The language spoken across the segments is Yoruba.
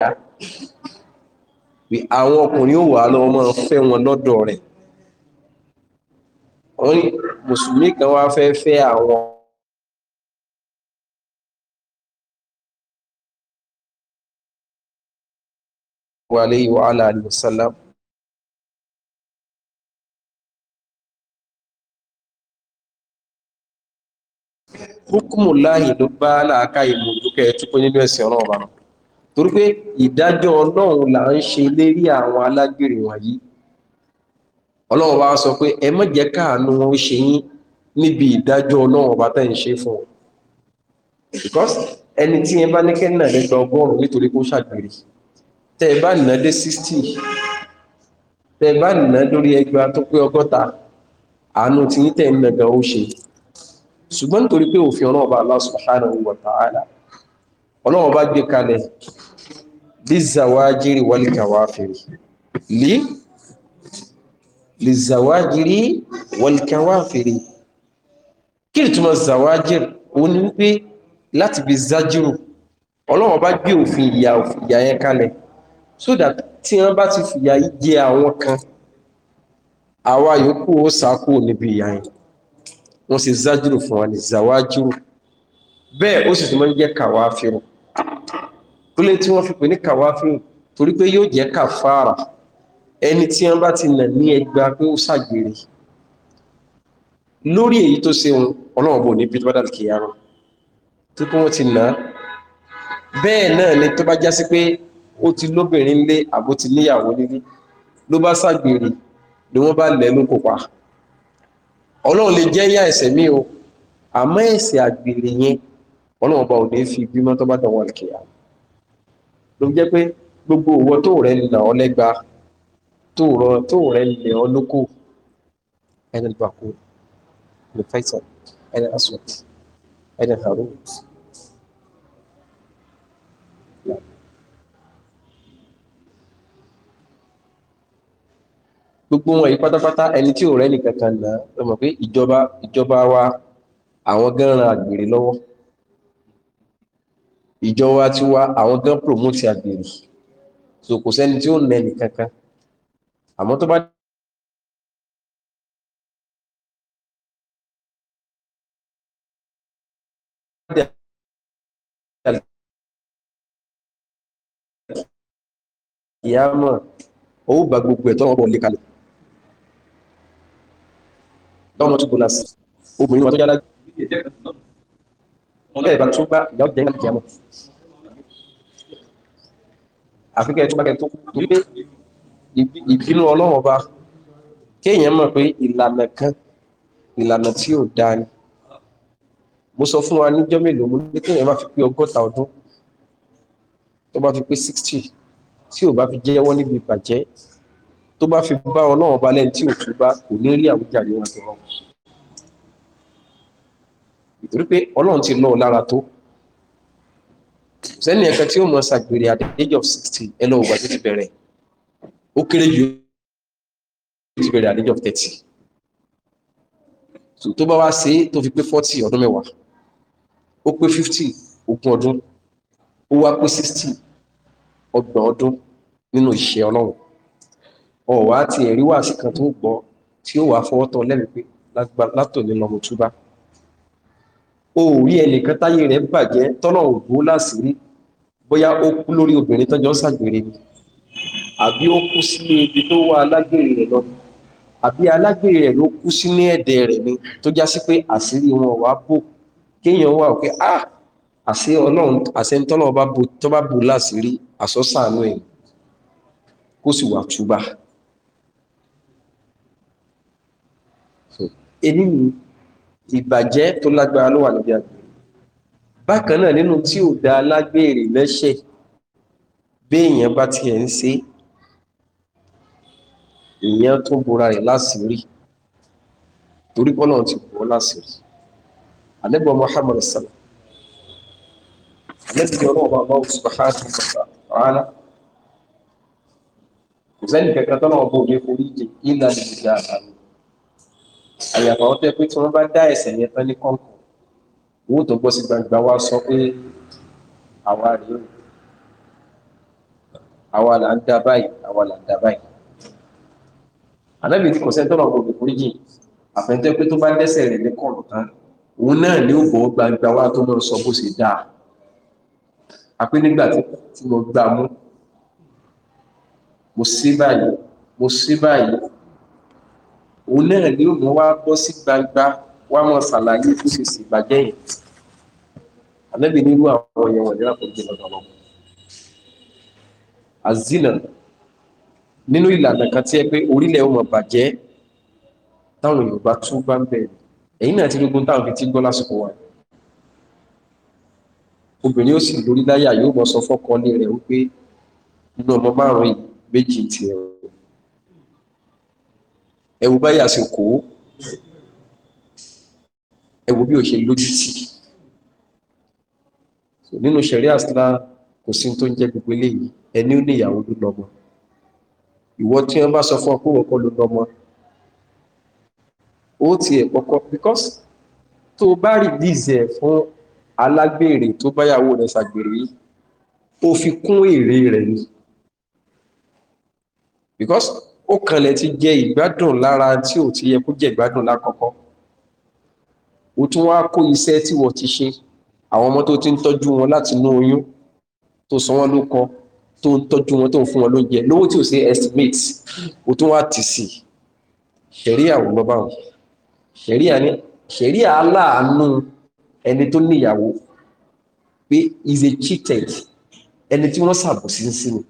yá pé àwọn ọkùnrin ó wà lọ́wọ́ máa fẹ́ wọn lọ́dọ̀ rẹ̀ wọ́n ní mùsùlùmí kan wá fẹ́ fẹ́ àwọn alayhi wa alihi wa sallam hukumu láàyè ló bá láàká ìmọ̀ ìdúkẹ́ tó pé nínú ẹ̀sìn ọlọ́run torí pé ìdájọ́ ọlọ́run là ń ṣe lérí àwọn alágbèrè wọ̀nyí ọlọ́run bá sọ pé ẹ má jẹ́ káàánú wọn ṣe yín níbi ìdájọ́ ọlọ́run ọba tẹ́ ń ṣe fún ọ because ẹni tí ẹ bá ní kẹ́ náà lẹ́gbẹ̀ẹ́ ọgọ́rùn-ún nítorí kó ṣàgbèrè tẹ́ ẹ bá nà dé sixty tẹ́ ẹ bá nà lórí ẹgbàá tó pé ọgọ́ta àánú tí yín tẹ́ ń nàgà ó ṣe ṣùgbọ́n nítorí pé òfin ọlọ́run ọba Allah subhanahu ọlọ́run bá gbé kalẹ̀ lizawajiri walikawafiri li lizawajiri walikawafiri kí ni túmọ̀ zawajiri òun ni wípé láti bí zájírù ọlọ́run bá gbé òfin ìyà òfin ìyà yẹn kalẹ̀ so that tí wọ́n bá ti fìyà jẹ àwọn kan àwa yòókù ó sákò níbi ìyà yẹn wọ́n sì zájírù fún wa ní zawajiri bẹ́ẹ̀ ó sì tún jẹ́ kàwáfìrù tó lé tí wọ́n fi pè ní kàwáfíù torí pé yóò jẹ́ kàfàrà ẹni tí wọ́n bá ti nà ní ẹgbà pé ó ṣàgbèrè lórí èyí tó ṣe òun ọlọ́run bò ní bí tó bá tó pé wọ́n ti nà bẹ́ẹ̀ náà ni tó bá já sí pé ó ti lóbìnrin lé àbó ti níyàwó nílé ló bá ṣàgbèrè ni wọ́n bá lẹ́nu kó pa ọlọ́run lè jẹ́ yá ẹ̀ṣẹ̀ mi o àmọ́ ẹ̀ṣẹ̀ àgbèrè yẹn ọlọ́run bá ò ní fi bímọ tó bá dọ̀wọ́ kìyàrá ló jẹ́ pé gbogbo òwò tó rẹ̀ nà ọ́ lẹ́gba tó rọ tó rẹ̀ nà ọ́ lóko ẹni bàkú ẹni fẹ́sàn ẹni aswad ẹni harun. gbogbo wọn yìí pátápátá ẹni tí ò rẹ́ nìkan kan nà ọ́ mọ̀ pé ìjọba ìjọba wa àwọn gan àgbèrè lọ́wọ́ ìjọ wa ti wá àwọn gan promote àgbèrè so kò sẹ́ni tí ó nà ẹnì kankan àmọ́ tó bá ìyá mọ̀ owó bá gbogbo ẹ̀ tọ́wọ́ bọ̀ kalẹ̀ tọ́mọ tó gbọ́nà sí obìnrin wa tó yára gbé bẹ́ẹ̀ bá túbá ìyá ọ̀jẹ̀ ìlànà ìjẹ́mọ̀ àfikẹ́ túbá kẹ́ tó torí pé ìbínú ọlọ́run ọba kéèyàn mọ̀ pé ìlànà kan ìlànà tí ò dáa ni mo sọ fún wa níjọ́ mélòó mo ní kéèyàn máa fi pé ọgọ́ta ọdún tó bá fi pé sixty tí ò bá fi jẹ́wọ́ níbi ìbàjẹ́ tó bá fi bá ọlọ́run ọba lẹ́ni tí ò túbá kò ní rí àwùjáde wọn tó rọrùn ìtorí pé ọlọ́run ti lọ́ọ̀ lára tó sẹ́ni ẹ̀ka tí ó mọ̀ ṣàgbèrè at the age of sixty ẹ lọ ògbà tó ti bẹ̀rẹ̀ ó kéré ju ó ti bẹ̀rẹ̀ at the age of thirty tó bá wá ṣe tó fi pé forty ọdún mẹ́wàá ó pé fifty ogún ọdún ó wá pé sixty ọgbọ̀n ọdún nínú ìṣẹ́ ọlọ́run ọ̀wá ti ẹ̀rí wàásì kan tó gbọ́ tí ó wàá fọwọ́ tán lẹ́nu pé látòlélọ́mọ túbá o ò rí ẹnìkan táyé rẹ̀ bàjẹ́ tọ́nà ògbó láṣìírí bóyá ó kú lórí obìnrin tọ́jọ́ ṣàgbèrè àbí ó kú sílé ibi tó wà alágbèrè rẹ̀ lọ àbí alágbèrè rẹ̀ ló kú sínú ẹ̀dẹ̀ rẹ̀ ni tó já sí pé àṣírí wọn wà bò kéèyàn wà pé ah àṣẹ ọlọ́run àṣẹ tọ́nà ọba bò tó bá bò láṣìírí àṣọ́sàánú ẹ̀ kó sì wà túbà. èmi nìyí ìbàjẹ́ tó lágbára ló wà níbi àgbèrè bákan náà nínú tí ò dá lágbèrè lẹ́ṣẹ̀ béèyàn bá tiẹ̀ ń ṣe èèyàn tó bora rẹ̀ láṣìírí torí pé Ọlọ́run ti bọ́ láṣìírí àlẹ́gbọ́ Muhammad sallá àlẹ́gbẹ́ Ọlọ́run bá bá subhanahu wa kò sẹ́ni kankan tọ́lọ́wọ́ bó dé forí ìlànà ìjà àlọ́ àyàfà wọn tẹ pé tí wọn bá dá ẹsẹ̀ yẹn tán ní kọńkọ owó tó bọ́ sí gbangba wa sọ pé àwa rèé o àwa là ń dá báyìí àwa là ń dá báyìí ànábì tí kò sẹ́ńtọ́ náà kò lè kúrú jìn àfẹ́ńtẹ́ pé tó bá dẹ́sẹ̀ rẹ̀ ní kọ̀ọ̀nù tán òun náà ní ó bọ̀ gbangba wa tó máa sọ bó ṣe dáa àpé nígbà tí mo gbà mú mo sí báyìí mo sí báyìí òun náà ni òun wá bọ́ sí gbangba wá mọ̀ ṣàlàyé tó ṣe sì bàjẹ́ yìí ànábì nínú àwọn yẹn wọ̀nyí láti gbé lọ́dọ̀ lọ. azina nínú ìlànà kan tí ẹ pé orílẹ̀ ọmọ bàjẹ́ táwọn Yorùbá tún bá ń bẹ̀rẹ̀ ẹ̀yìn náà ti gbogbo táwọn fi ti gbọ́ lásìkò wa obìnrin ó sì lórí láyà yóò mọ sọ fọ́kọ ilé rẹ̀ wípé inú ọmọ márùn-ún méjì tiẹ̀ o ẹ wo báyà ṣe kó ẹ wo bí o ṣe lójú tì nínú sẹ̀rí àsìlá kò sí tó ń jẹ́ gbogbo eléyìí ẹni ó ní ìyàwó ló lọ́mọ ìwọ tí wọ́n bá sọ fún ọ pé ló lọ́mọ ó tiẹ̀ kọ́kọ́ because tó bá rìlíìsì ẹ̀ fún alágbèrè tó báyàwó rẹ̀ ṣàgbèrè yìí ó fi kún èrè rẹ̀ ni because ó kanlẹ̀ ti jẹ ìgbádùn lára tí ò ti yẹ kó jẹ ìgbádùn lákọ̀ọ́kọ́ ó tún wá kó iṣẹ́ tí wọ́n ti ṣe àwọn ọmọ tó ti ń tọ́jú wọn láti inú oyún tó sọ wọ́n ló kọ tó ń tọ́jú wọn tó ń fún wọn lóúnjẹ lówó tí ò sí estimate ó tún wá tì sí ṣẹ̀ríà ò lọ báwọn ṣẹ̀ríà ní ṣẹ̀ríà aláàánú ẹni tó níyàwó pé is a cheated ẹni tí wọ́n ṣàbòsí sí ni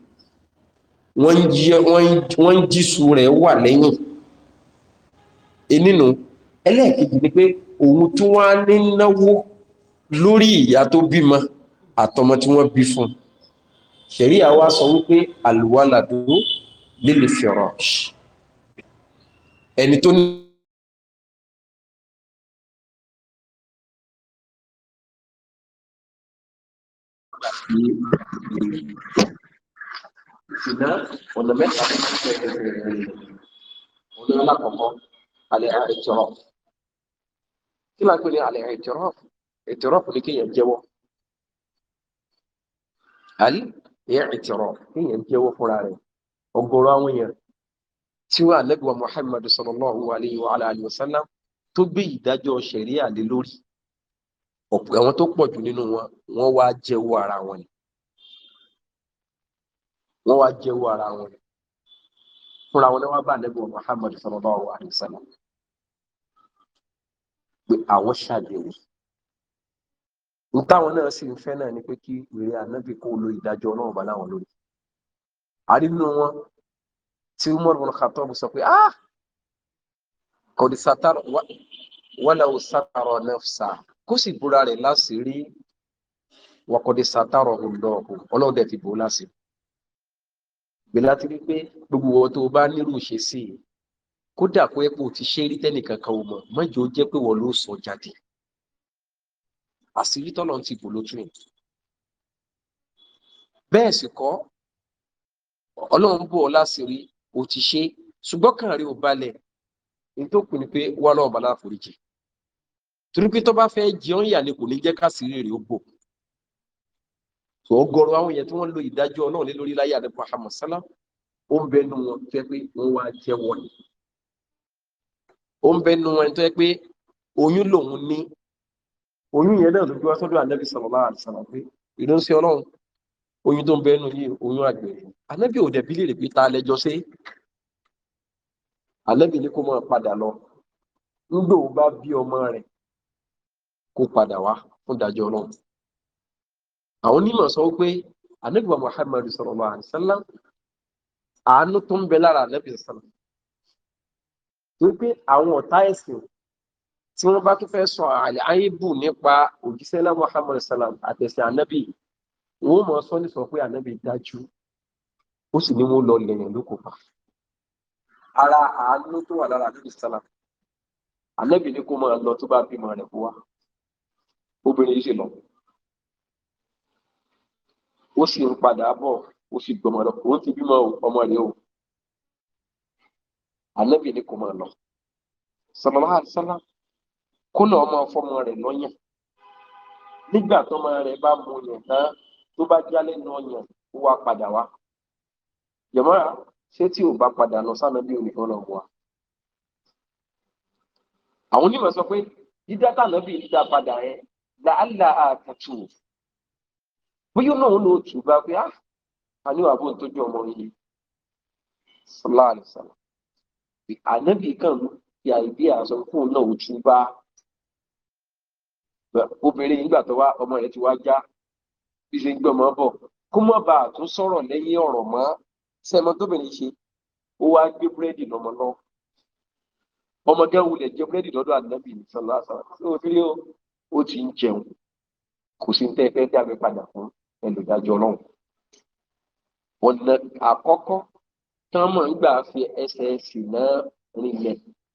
wọ́n ń jísù rẹ̀ wà lẹ́yìn enínú ẹlẹ́ẹ̀kejì ni pé òun tí wọ́n á ní náwó lórí ìyá tó bímọ àtọmọ tí wọ́n bí fún ṣẹ̀rí àwa sọ wípé àlùwalàdó lè lè fẹ̀rọ̀ ẹni tó ní Thank you ṣùgbọ́n ọ̀nà mẹ́ta ló ti ṣe ẹgbẹ̀rẹ̀ ọ̀nà alákọ̀ọ́kọ́ alẹ́ ẹ̀tọ́rọ̀ kí la pè ní alẹ́ ẹ̀tọ́rọ̀ ẹ̀tọ́rọ̀ ní kéèyàn jẹ́wọ́ alẹ́ ẹ̀tọ́rọ̀ kéèyàn jẹ́wọ́ fúnra rẹ̀ ọ̀gọ̀rọ̀ àwọn èèyàn tí wọ́n alẹ́gbẹ̀wá Muhammad sallallahu alayhi wa alayhi wa sallam tó gbé ìdájọ́ ṣẹ̀ríà lé lórí ọ̀pọ̀ àwọn tó pọ̀ jù nínú wọn wọ́n wá jẹ́wọ́ ara wọn ni wọ́n wá jẹ́wọ́ ara wọn fúnra wọn lọ́wọ́ bá nẹ́bí wọn Muhammad sallallahu alaihi wasallam pé àwọn ṣàbẹ̀wò n táwọn náà sì ń fẹ́ náà ni pé kí ìrẹ ànábì kó lo ìdájọ́ ọlọ́run bá láwọn lórí àrínú wọn tí Umar bin Khattab sọ pé ah kọ̀dí satar wàláwò sátàrọ̀ nafsa kó sì búra rẹ̀ láṣìírí wàkọ̀dí sátàrọ̀ ọ̀hún lọ́ọ̀hún ọlọ́run fi bò ó láṣìírí gbé láti rí pé gbogbo wọn tó o bá nírú ṣe sí i kódà kó ẹ pé o ti ṣe rí tẹ́nìkan kan ò mọ̀ mọ́jọ́ jẹ́ pé wọ́n ló sọ jáde àṣírí tọ́lọ̀ ti bò lójú ẹ̀ bẹ́ẹ̀ sì kọ́ ọlọ́run bò ọ láṣìírí o ti ṣe ṣùgbọ́n kàn rí o balẹ̀ ní tó kù ni pé wọ́n lọ́wọ́ bá láforíjì torí pé tó bá fẹ́ jẹun yà ni kò ní jẹ́ káṣírí rẹ̀ ó bò so ọ̀gọ̀rọ̀ àwọn èèyàn tí wọ́n lo ìdájọ́ náà lé lórí láyé àdàpọ̀ àmọ̀ sálá ó ń bẹnu wọn tó yẹ pé wọ́n wá jẹ́wọ́ ni ó ń bẹnu wọn tó yẹ pé oyún lòun ní oyún yẹn náà ló gbé wá sọ́dọ̀ ànábì sàlọ́lá àdìsàlá pé ìránṣẹ́ ọlọ́run oyún tó ń bẹnu yìí oyún àgbèrè ànábì ò dẹ̀bí lè pé ta lẹ́jọ́ sí ànábì ní kó máa padà lọ ńgbò bá bí ọmọ rẹ̀ kó padà wá fún ìdájọ́ ọlọ́run àwọn onímọ̀ sọ pé anábìwá muhammadu sallallahu alaihi wasallam àánú tó ń bẹ lára anábì sallam tó pé àwọn ọ̀tá ẹ̀sìn tí wọ́n bá tún fẹ́ sọ àlẹ́ ayébù nípa òjíṣẹ́ lá muhammadu sallam àtẹ̀sẹ̀ anábì wọ́n mọ̀ sọ ní sọ pé anábì dájú ó sì ní wọ́n lọ lẹ́yìn ló kó pa ara àánú tó wà lára anábì sallam anábì ní kó máa lọ tó bá bímọ rẹ̀ kó wá obìnrin yìí ṣe lọ ó sì ń padà bọ̀ ó sì gbọmọ lọ òun ti bímọ ọmọ rẹ̀ o ànábì ni kò máa lọ sọlọlá àdìsọlá kó lọ ọmọ fọmọ rẹ̀ lọ́yàn nígbà tọmọ rẹ̀ bá mu yàn tán tó bá jálẹ náà yàn ó wá padà wá jẹmọra ṣé tí ò bá padà lọ sànàbí onìkan lọ wà àwọn onímọ̀ sọ pé dídá tànàbí dídá padà yẹn làálàá àkùtù bóyá náà ló tù bá pé a ní àbò tójú ọmọ yìí sallallahu alaihi wasallam ànábì kan fi àìdí àṣọ fún un náà ò tù bá obìnrin nígbà tó wá ọmọ rẹ̀ ti wá já bí ṣe ń gbọmọ bọ̀ kó má bàa tún sọ̀rọ̀ lẹ́yìn ọ̀rọ̀ mọ́ sẹmọ tóbìnrin ṣe ó wá gbé búrẹ́dì lọmọ náà ọmọdé wulẹ̀ jẹ búrẹ́dì lọ́dọ̀ ànábì sallallahu alaihi wasallam ó ti ń jẹun kò sí ní tẹ́ fẹ́ dábẹ́ padà fún olùdájọ́ ọlọ́run ọ̀nà àkọ́kọ́ tán mọ̀ nígbà fi ẹsẹ̀ ẹ̀sìn náà rinlẹ̀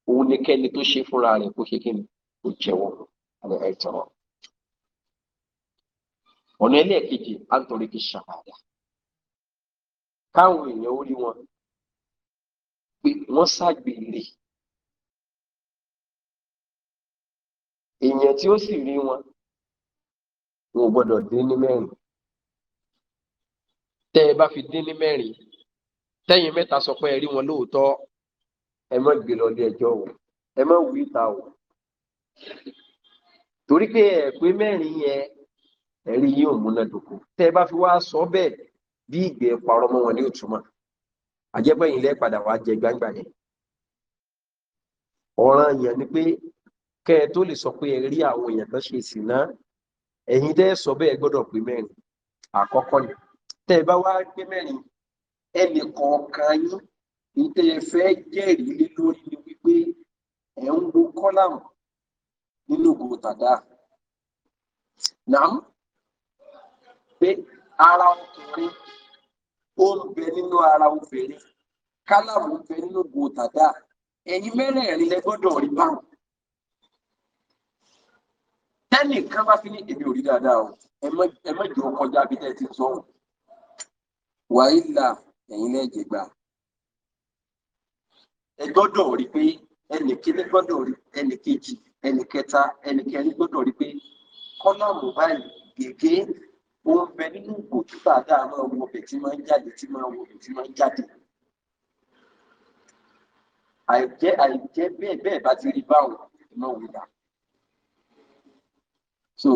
òun ni kẹ́ni tó ṣe fúnra rẹ̀ kó ṣe kí ni kó jẹ́wọ́ àlẹ́ ẹ̀tọ́rọ̀ ọ̀nà ẹlẹ́ẹ̀kejì á ń torí káwọn èèyàn ó rí wọn pé wọ́n ṣàgbèrè èèyàn tí ó sì rí wọn wọn ò gbọ́dọ̀ dín ní mẹ́rin tẹ ẹ bá fi dín ní mẹ́rin tẹ́yìn mẹ́ta sọ pé ẹ rí wọn lóòótọ́ ẹ má gbé lọ ilé ẹjọ o ẹ má wí ta o torí pé ẹ pé mẹrin yẹn ẹ̀rí yìí ò múnádóko tẹ ẹ bá fi wá sọ bẹẹ bí ìgbẹ́ parọ́ mọ́ wọn ní òtúmọ̀ àjẹgbẹ́yìn lẹ́ padà wá jẹ gbangba yẹn ọ̀ràn yẹn ni pé kẹ ẹ tó lè sọ pé ẹ rí àwọn èèyàn kan ṣe ìsìn náà ẹ̀yin tẹ́ ẹ sọ bẹ́ẹ̀ gbọ́dọ̀ pé mẹ́rin àkọ́kọ́ yẹn. tẹ́ ẹ bá wá gbé mẹ́rin ẹnì kọ̀ọ̀kan yín ní tẹ́ ẹ fẹ́ jẹ́rìí lé lórí ni wípé ẹ̀ ń wo kọ́làmù nínú ògo tàdá nàám pé ara ọkùnrin ó ń bẹ nínú ara obìnrin kálàmù ń bẹ nínú ògo tàdá ẹ̀yin mẹ́rẹ̀ẹ̀rin lẹ gbọ́dọ̀ rí báwọn tẹ́nìkan bá fi ní èmi ò rí dáadáa o ẹ má jọ kọjá bí tẹ́ ti sọ ọ́n wàhálà ẹ̀yin náà jẹ gbà. ẹ gbọ́dọ̀ rí pé ẹnì kíní gbọ́dọ̀ rí ẹnì kejì ẹnì kẹta ẹnì kẹrin gbọ́dọ̀ rí pé kọ́lọ́mù báyìí gègé ó ń bẹ nínú ìgò títà dáa máa wo ọbẹ̀ tí máa ń jáde tí máa wo ọbẹ̀ tí máa ń jáde. àìjẹ́ àìjẹ́ bẹ́ẹ̀ bẹ́ẹ̀ bá ti rí báwọn ẹ̀ máa dà. so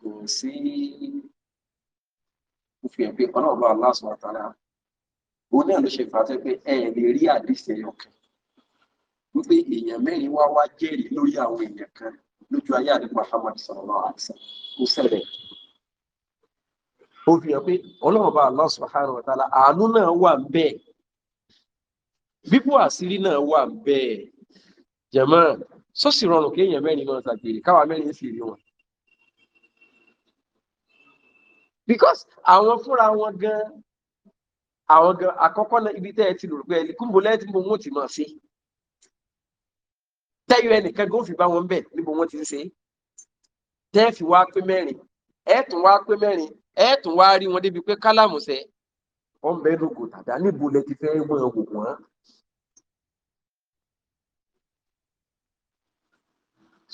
kò sí ó fi hàn pé ọlọ́ọ̀bá aláṣọ àtàrà ó náà ló ṣe fàtẹ́ pé ẹ lè rí àdìsẹ́ ọkàn wípé èèyàn mẹ́rin wá wá jẹ́rìí lórí àwọn èèyàn kan lójú ayé àdé Muhammad sallallahu alaihi wasallam ó ṣẹlẹ̀ ó fi hàn pé ọlọ́ọ̀bá aláṣọ subhanahu wa ta'ala àánú náà wà ń bẹ́ẹ̀ bíbú àṣírí náà wà bẹ́ẹ̀ jẹ̀mọ́ sọ́sì rọrùn kéèyàn mẹ́rin máa ṣàgbèrè káwa mẹ́rin sì rí wọn because àwọn fúnra wọn gan àwọn gan àkọ́kọ́ náà ibi tẹ́ ẹ ti lòrò pé ẹ kú mbọ́lẹ́ tí mo mú ti mọ̀ sí tẹ́yọ ẹnìkan gan fi bá wọn bẹ̀ níbo wọ́n ti ń ṣe tẹ́ fi wá pé mẹ́rin ẹ tún wá pé mẹ́rin ẹ tún wá rí wọn débi pé kálàmù sẹ́ ọ̀n bẹ́ẹ̀ lóko tàdá níbo lẹ ti fẹ́ wọ́n wò wọ́n.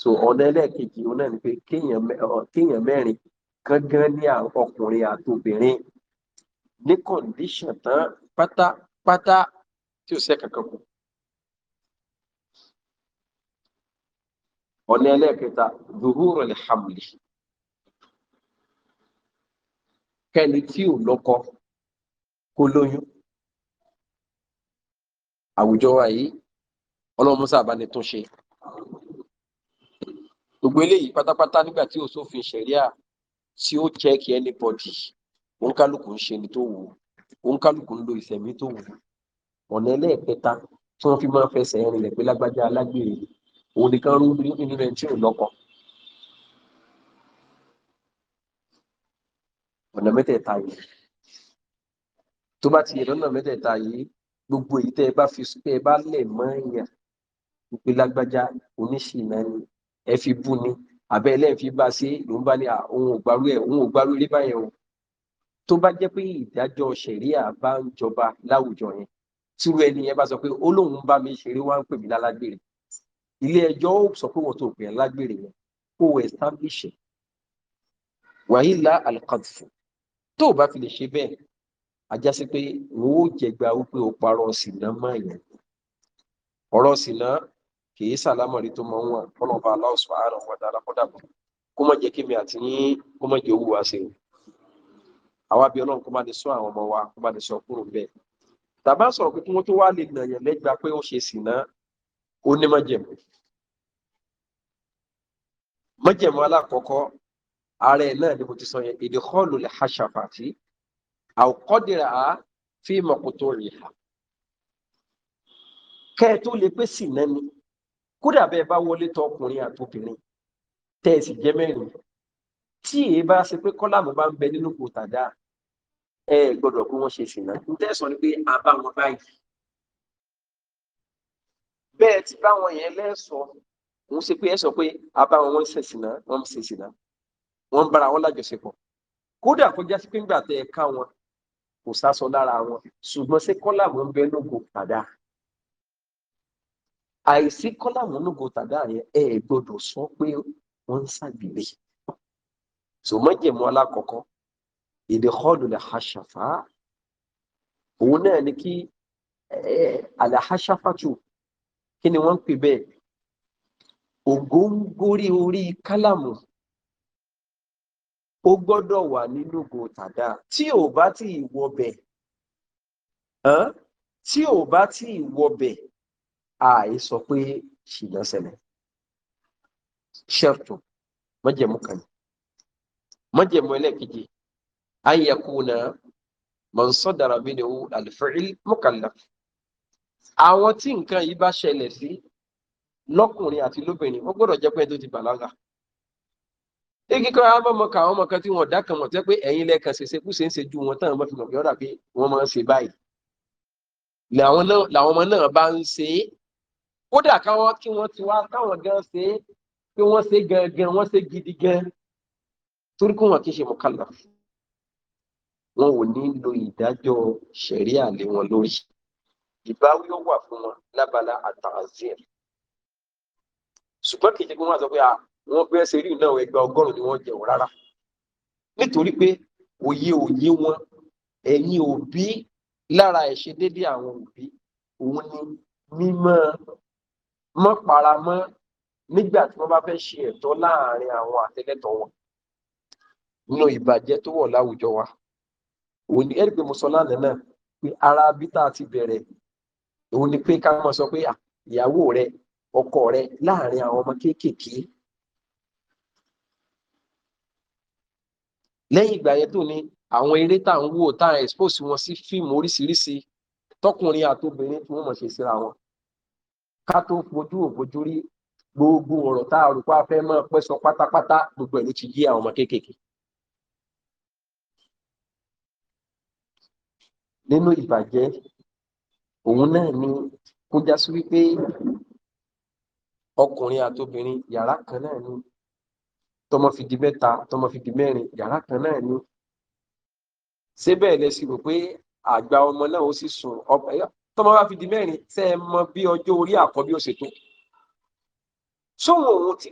so ọ̀nà ẹlẹ́ẹ̀kejì ọ̀nà ni pé kéèyàn mẹ́rin gángan ní ọkùnrin àtòbìnrin ní kọ̀ǹdíṣàn tán pátápátá tí ò sẹ́ kankan kù. ọ̀nà ẹlẹ́ẹ̀kẹta zuhuru alhamdi kẹ́ni tí ò lọ́kọ kó lóyún àwùjọ wa yìí ọlọ́mọsá bá ní tún ṣe gbogbo eléyìí pátápátá nígbà tí ò sófin ṣẹ̀ríà tí ó chẹ́kì anybody òǹkálùkù ń ṣe ni tó wù ú òǹkálùkù ń lo ìsẹ̀mí tó wù ú ọ̀nà ẹlẹ́ẹ̀kẹta tí wọ́n fi máa ń fẹsẹ̀ rinlẹ̀ pé lágbájá alágbèrè òun nìkan rú nínú rẹ̀ tí ò lọ́kọ̀ọ́. ọ̀nà mẹ́tẹ̀ẹ̀ta yìí tó bá ti yẹ lọ́nà mẹ́tẹ̀ẹ̀ta yìí gbogbo èyí tẹ́ ẹ bá fi ẹ bá lẹ̀ mọ́ èèyàn wípé lágbájá oníṣìnà ni ẹ fi bú ni àbẹ́ ẹlẹ́ẹ̀fi bá ṣe lòún bá ní òun ò gbárù ẹ̀ òun ò gbárù eré báyẹn o tó bá jẹ́ pé ìdájọ́ ṣẹ̀ríà bá ń jọba láwùjọ yẹn tírú ẹni yẹn bá sọ pé ó lóun bá mi ṣeré wá ń pè mí lálágbèrè ilé ẹjọ́ ó sọ pé wọ́n tó pè é lágbèrè yẹn kó o establish ẹ̀ wàhílà alqadfu tó o bá fi lè ṣe bẹ́ẹ̀ ajá sí pé wọ́n ó jẹgba wípé o parọ́ ọ̀sìn náà mọ́ ẹ̀yẹn ọ̀rọ̀ ọ̀sìn náà kì í sàlámọ̀rí tó mọ̀ ń wà kọ́lọ́ba Allah subhanahu wa ta'ala kọ́dàbọ̀ kó mọ̀ jẹ́ kémi àti yín kó mọ̀ jẹ́ owó wa sí i àwa bí ọlọ́run kó bá lè sọ àwọn ọmọ wa kó bá lè sọ kúrò bẹ́ẹ̀ tàbá sọ̀rọ̀ pé kí wọ́n tó wá lè nàyàn lẹ́gbàá pé ó ṣe sì náà ó ní májẹ̀mú májẹ̀mú alákọ̀ọ́kọ́ ààrẹ náà ni mo ti sọ yẹn èdè họ́ọ̀lù lè haṣàfàtì àwòkọ́dìrà kódà bẹ́ẹ̀ bá wọlé tọ ọkùnrin àtòkùnrin tẹ́ ẹ sì jẹ́ mẹ́rin tí èyí bá ṣe pé kọ́làmù bá ń bẹ nínú kò tàdá ẹ gbọ́dọ̀ pé wọ́n ṣe ṣìnà ń tẹ̀sán ni pé a bá wọn báyìí bẹ́ẹ̀ ti bá wọn yẹn lẹ́sọ̀ọ́ òun ṣe pé ẹ sọ pé a bá wọn wọn ṣe ṣìnà wọn ṣe ṣìnà wọn ń bára wọn lájọṣepọ̀ kódà kó jásí pé ńgbà tẹ ẹ ká wọn kò sásọ lára wọn ṣùgbọ́n ṣé kọ́làmù ń bẹ nínú kò tàdá àìsí kọ́lá múnúgo tàdá yẹn ẹ gbọ́dọ̀ sọ pé wọ́n ń ṣàgbèrè sòmọ́jẹ̀mú alákọ̀ọ́kọ́ èdè họ́ọ̀lù lè haṣàfà òun náà ni kí àlẹ́ haṣàfàtù kí ni wọ́n ń pè bẹ́ẹ̀ ògóńgórí orí kálámù ó gbọ́dọ̀ wà nínú go tàdá tí ò bá tí ì wọbẹ̀ tí ò bá tí ì wọbẹ̀ àì sọ pé ṣìnà ṣẹlẹ̀ ṣẹ́ẹ̀tù mọ́jẹ̀mú kan mọ́jẹ̀mú ẹlẹ́ẹ̀kejì ayẹkùnà mọ̀nsọ́dàrà mi ni ó àlùfẹ́rí mọ́kànlá àwọn tí nǹkan yìí bá ṣẹlẹ̀ sí lọ́kùnrin àti lóbìnrin wọ́n gbọ́dọ̀ jẹ́ pé tó ti bàlágà igi kan àwọn ọmọ kan àwọn ọmọ kan tí wọn ọ̀dà kan mọ̀ tẹ́ pé ẹ̀yin lẹ́ẹ̀kan ṣẹṣẹ kú ṣe ń ṣe ju wọn táwọn ọmọ fi mọ̀ pé ọ̀dà pé wọ́n máa ń ṣe báyìí làwọn ọmọ náà bá ń ṣe é kódà káwọn kí wọ́n ti wá káwọn gan ṣe é pé wọ́n ṣe gangan wọ́n ṣe gidi gan torí kí wọ́n kì í ṣe mukallaf wọn ò ní lo ìdájọ́ ṣẹ̀ríà lé wọn lórí ìbáwí ó wà fún wọn lábala àtàzír ṣùgbọ́n kì í ṣe pé wọ́n sọ pé wọ́n fẹ́ ṣe rí náà ẹgbẹ́ ọgọ́rùn-ún ni wọ́n jẹun rárá nítorí pé òye òye wọn ẹ̀yin òbí lára ẹ̀ṣẹ̀ déédéé àwọn òbí òun ni mímọ́ mọ́ para mọ́ nígbà tí wọ́n bá fẹ́ ṣe ẹ̀tọ́ láàrin àwọn àtẹlẹ́tọ̀ wọn nínú ìbàjẹ́ tó wọ̀ láwùjọ wa òun ni ẹ̀rí pé mo sọ lánàá náà pé ara bí tá a ti bẹ̀rẹ̀ òun ni pé ká mọ̀ sọ pé ìyàwó rẹ ọkọ rẹ láàrin àwọn ọmọ kéékèèké lẹ́yìn ìgbà yẹn tó ní àwọn eré tá à ń wò tá expose wọn sí fíìmù oríṣiríṣi tọkùnrin àtobìnrin tí wọ́n mọ̀ ṣe síra wọn ká tó fojú òfojú rí gbogbo ọ̀rọ̀ tá a rò pé a fẹ́ máa pẹ́ sọ pátápátá gbogbo ẹ̀ ló ti yé àwọn ọmọ kéékèèké. nínú ìbàjẹ́ òun náà ni kó já sí wípé ọkùnrin àtobìnrin yàrá kan náà ni tọmọ fi di mẹ́ta tọmọ fi di mẹ́rin yàrá kan náà ni ṣé bẹ́ẹ̀ lẹ sì rò pé àgbà ọmọ náà ó sì sùn tọmọ bá fi di mẹ́rin tẹ́ ẹ mọ bí ọjọ́ orí àkọ́bí ó tó sóhun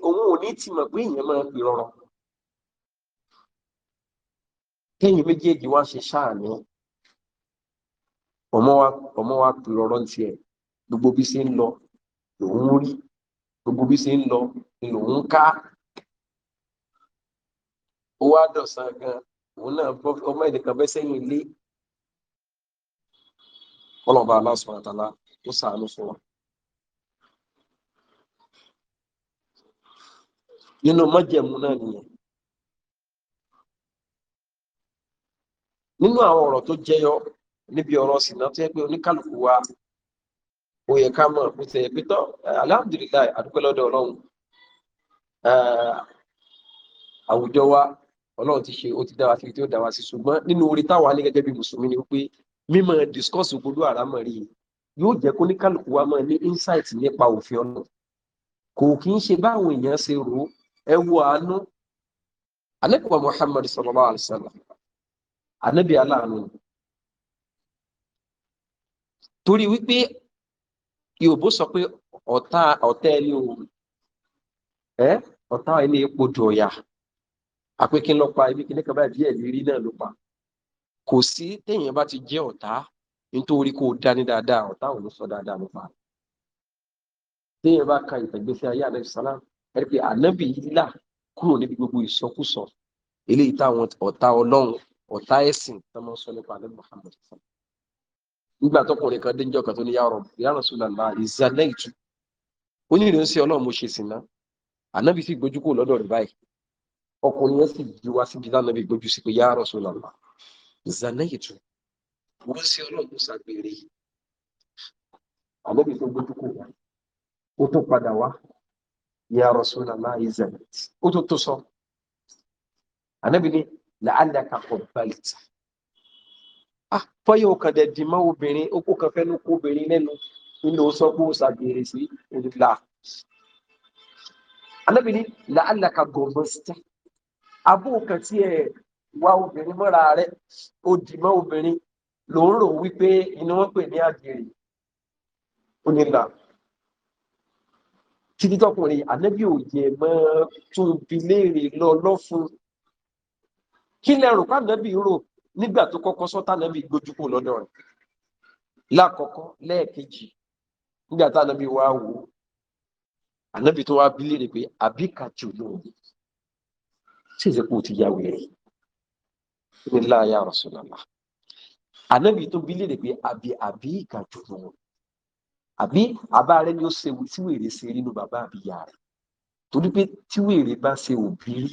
òun ò ní ti mọ̀ pé èèyàn máa ń pè rọrọ kẹ́yìn méjèèjì wá ṣe ṣáàní ọmọ wa ọmọ wa pè rọrọ ní tiẹ̀ gbogbo bí ṣe ń lọ lòun rí gbogbo bí ṣe ń lọ lòun ká ó wá dọ̀sán gan òun náà ọmọ ẹ̀dẹ̀kan bẹ́ sẹ́yìn ilé kọlọba aláṣọwọ́ àtàlá ó sàánú fún wa. nínú májẹ̀mú náà nìyẹn nínú àwọn ọ̀rọ̀ tó jẹyọ níbi ọ̀rọ̀ sìnà tó yẹ pé oníkálukú wa ó yẹ ká mọ̀ ó ti yẹ pé tọ́ eh, alhamdulilayi adúpẹ́ lọ́dọ̀ ọlọ́run eh, àwùjọ wa ọlọ́run ti ṣe ó ti dá wa sí ṣùgbọ́n nínú orí táwa ní gẹ́gẹ́ bí mùsùlùmí ni wípé mímọ̀ discuss gbogbo àrámọ̀rí yóò jẹ́ kó ní kálukú wa máa ní insight nípa òfin ọ̀nà kò kí ń ṣe báwọn èèyàn ṣe rò ẹ wo àánú Ànábì wa Muhammad sallallahu alaihi wasallam Ànábì aláàánú torí wípé Yorùbá sọ pé ọ̀tá ọ̀tá ẹni o ẹ ọ̀tá ẹni epo jọ̀ọ̀yà àpékinlọ́pa ibi kìnnìkan báyìí díẹ̀ lérí náà ló pa kò sí téèyàn bá ti jẹ́ ọ̀tá nítorí kó o dání dáadáa ọ̀tá ò ní sọ dáadáa nípa rẹ̀ téèyàn bá ka ìtàgbésí ayé ànábì sálám ẹni pé ànábì yìí là kúrò níbi gbogbo ìsọkúsọ eléyìí táwọn ọ̀tá ọlọ́run ọ̀tá ẹ̀sìn tó máa ń sọ nípa ànábì Muhammad nígbà tọkùnrin kan dénjọ kan tó ní yàrá ọ̀bùn yàrá Rasulullah ìzàlẹ̀ ìtú onírìnsẹ̀ ọlọ́run mo ṣe sì gbójú zana ìtù wọ́n sí ọlọ́run ṣàgbèrè àlọ́bí tó gbójú kò wá ó tó padà wá ya Rasulullah zanat ó tó tó sọ ànábì ní la'allaka qabbalta ah fọyọ kan dẹ̀ dì mọ́ obìnrin ó kó kan fẹ́ ló kó obìnrin lẹ́nu nínú sọ pé ó ṣàgbèrè sí òrìlà ànábì ní la'allaka gọ̀mọ́sítà abó kan tí wá obìnrin mọ́ra rẹ̀ ó dì mọ́ obìnrin ló ń rò wípé inú wọn pè ní àgbèrè ó ní là títí tọkùnrin ànábì òye mọ́ tún bi léèrè lọ lọ́fun kí lẹ́rù kánábì rò nígbà tó kọ́kọ́ sọ́tà nábì gbójú kù lọ́dọ̀ rẹ̀ lákọ̀ọ́kọ́ lẹ́ẹ̀kejì nígbà tá ànábì wá wò ó ànábì tó wá bi léèrè pé àbíkàjù lòun ṣèṣe kó o ti yá wèrè nílá ya Rasulullah ànábì tó bí léde pé àbí Abi ìka jùlọ wọn àbí àbá rẹ ni ó ṣe tí wèrè ṣe nínú bàbá àbíyá rẹ torí pé tí wèrè bá ṣe òbí rí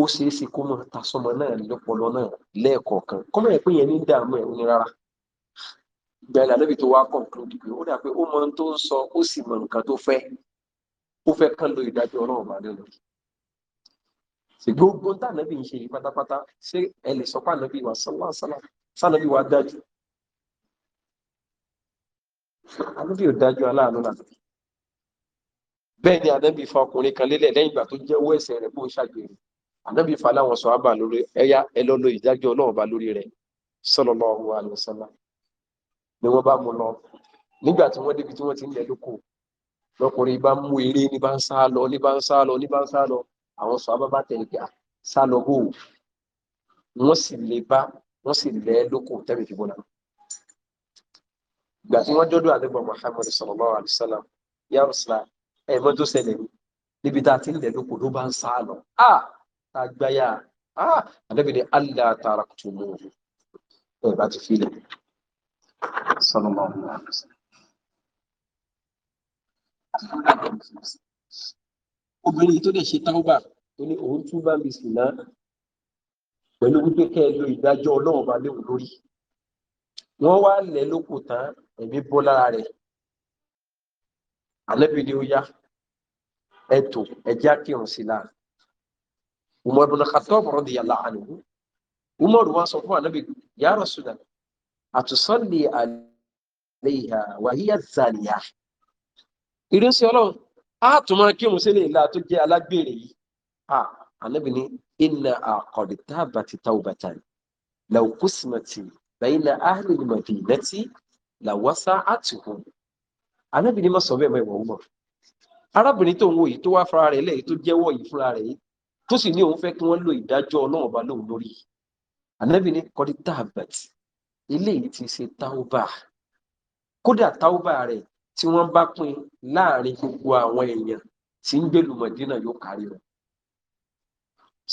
ó ṣeé ṣe kó máa ta sọmọ náà lọpọlọ náà lẹ́ẹ̀kọ̀ọ̀kan kọmọ ẹ pé yẹn ní dààmú ẹ ní rárá bẹ́ẹ̀ lànàbì tó wá kọǹkúrúdì pé ó dà pé ó mọ ohun tó ń sọ ó sì mọ nǹkan tó fẹ́ ó fẹ́ kán lo ìdájọ́ Ọlọ́run bá lẹ́nu ṣe gbogbo tá ànábì ń ṣe yìí pátápátá ṣé ẹ lè sọ pé ànábì wa sọlá sọlá sànábì wa dájú ànábì ò dájú aláàánú náà bẹ́ẹ̀ ni ànábì fa ọkùnrin kan lélẹ̀ lẹ́yìn ìgbà tó jẹ́wọ́ ẹ̀ṣẹ̀ rẹ̀ bó ṣàgbèrè ànábì fa láwọn sọ ábà lórí ẹ̀yà ẹ lọ lo ìdájọ́ ọlọ́run bá lórí rẹ̀ sallallahu alaihi wasallam ni wọ́n bá mú lọ nígbà tí wọ́n débi tí wọ́n ti ń lẹ̀ lóko lọkùnrin bá mú eré ní bá ń sá lọ ní bá ń sá lọ ní bá ń sá lọ àwọn sọ abábá tẹ̀lé pé sá lọ bò wọ́n sì lè bá wọ́n sì lẹ́ lóko tẹ́lẹ̀ fi bọ́lá. ìgbà tí wọ́n jọ́dọ̀ àdébọ̀ Muhammad sallallahu alaihi wasallam ya Rasulullah ẹ̀ mọ́ tó ṣẹlẹ̀ mi níbi tá a ti ń lẹ̀ lóko ló bá ń sá lọ. a ta gbáyà a àdébì ni allah taraktumu ẹ̀ bá ti fi lẹ̀ sallallahu alaihi obìnrin tó lè ṣe táwùbà tó ní òun tún bá mi sùn náà pẹ̀lú wípé kẹ́ ẹ lo ìdájọ́ ọlọ́run bá léwu lórí wọ́n wá lẹ̀ lóko tán ẹ̀mí bọ́ lára rẹ̀ àlẹ́bí ó yá ẹ̀tọ́ ẹ̀jẹ̀ akírun sí lára Umar ibn Khattab radiyallahu anhu Umar wá sọ fún àlẹ́bí ya Rasulullah àtúnṣọ́lì àlẹ́ ìhà wàhíyà zàlìyà ìrísí ọlọ́run a tún máa kírun sílẹ̀ ìlà tó jẹ́ alágbèrè yìí a ànábì ní inna àkọ̀dé tábà ti ta òbàtà ni làwùkúsìmọ̀tì bẹ́ẹ̀nà áhìlì mọ̀dì ìnẹ́tì làwọ́sá àtìkù ànábì ní má sọ bẹ́ẹ̀ mọ́ ìwà ọmọ arábìnrin tó ń wo yìí tó wá fara rẹ̀ lẹ́yìn tó jẹ́wọ́ yìí fúnra rẹ̀ yìí tó sì ní òun fẹ́ kí wọ́n lo ìdájọ́ ọlọ́run ọba lóun lórí ànábì ní kọ́dí tábà ti eléyìí ti ṣe táwọ́bà kódà táwọ́bà rẹ̀ tí wọ́n bá pín láàrin gbogbo àwọn èèyàn tí ń gbèlú Mọ̀dínà yóò kárí rẹ̀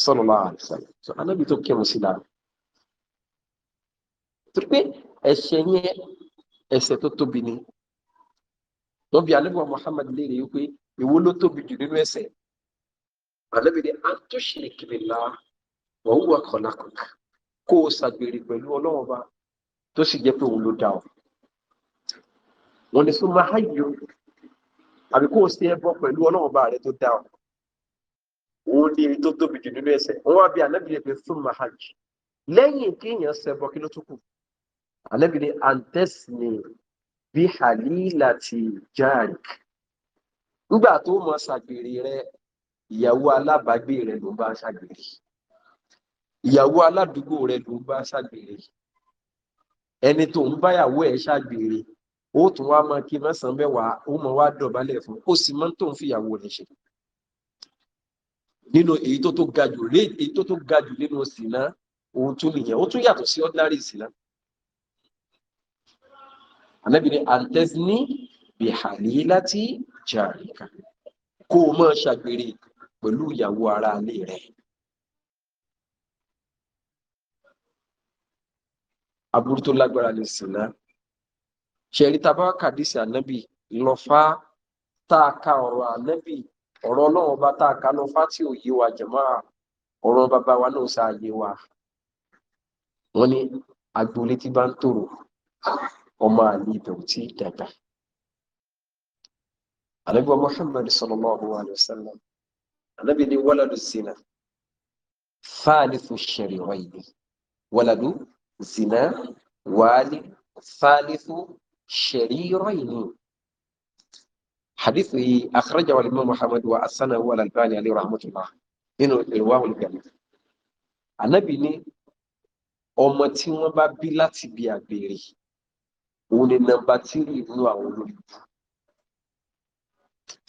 sallallahu alaihi wasallam so anábì tó kírun sí lára torí pé ẹ̀ṣẹ̀ yẹn ẹ̀ṣẹ̀ tó tóbi ni wọ́n bí alẹ́ bọ̀ Muhammad léèrè wípé èwo ló tóbi jù nínú ẹ̀ṣẹ̀ alẹ́bi ni a tó ṣe kìlìlá wọ́n wúwa kọ̀lákùnkà kó o ṣàgbèrè pẹ̀lú Ọlọ́run bá tó sì jẹ́ pé òun ló dá ọ wọ́n ní súnmọ́ ayò àbí kó o ṣe ẹbọ pẹ̀lú ọlọ́run bá rẹ tó dá ọ òun ní ibi tó tóbi jù nínú ẹ̀ṣẹ̀ wọ́n wá bí anábìyẹ pé súnmọ́ ayò lẹ́yìn kéèyàn ṣẹbọ kí ló tó kù anábìyẹ antẹ́sìnì bí halila ti jarik nígbà tó mọ ṣàgbèrè rẹ ìyàwó alábàágbé rẹ ló bá ṣàgbèrè ìyàwó aládùúgbò rẹ ló bá ṣàgbèrè ẹni tó ń báyàwó ẹ ṣàgbèrè ó tún wá máa kí mẹ́sàn-án mẹ́wàá ó mọ̀ wá dọ̀bálẹ̀ fún ó sì máa ń tóun fìyàwó rẹ̀ ṣe nínú èyí tó tó ga jù èyí tó tó ga jù nínú sìnà òun tún nìyẹn ó tún yàtọ̀ sí ordinary sìnà ànábì ni antesni bihalilati jarika kó o máa ṣàgbèrè pẹ̀lú ìyàwó ara ilé rẹ̀. aburú tó lágbára lè sìnà ṣẹ̀rí tá a bá kàdísì ànábì lọ fá tá a ka ọ̀rọ̀ ànábì ọ̀rọ̀ ọlọ́run ọba tá a ka lọ fá tí ò yé wa jẹ̀mọ́ ọ̀rọ̀ bàbá wa náà ṣáà yé wa wọ́n ní agboolé tí bá ń tòrò ọmọ àlè ìbẹ̀wò tí dàgbà. Ànábì Muhammad sallallahu alayhi wa sallam Ànábì ní waladu zina thalithu shari'ayni waladu zina wali thalithu شريرين حديث أخرجه الإمام محمد وأحسنه والألباني عليه رحمة الله nínú ìwáwò ìgbàlẹ̀ ànábì ní ọmọ tí wọ́n bá bí láti bí àgbèrè òun ni nọ́mbà tírì nínú àwọn olóyìnbó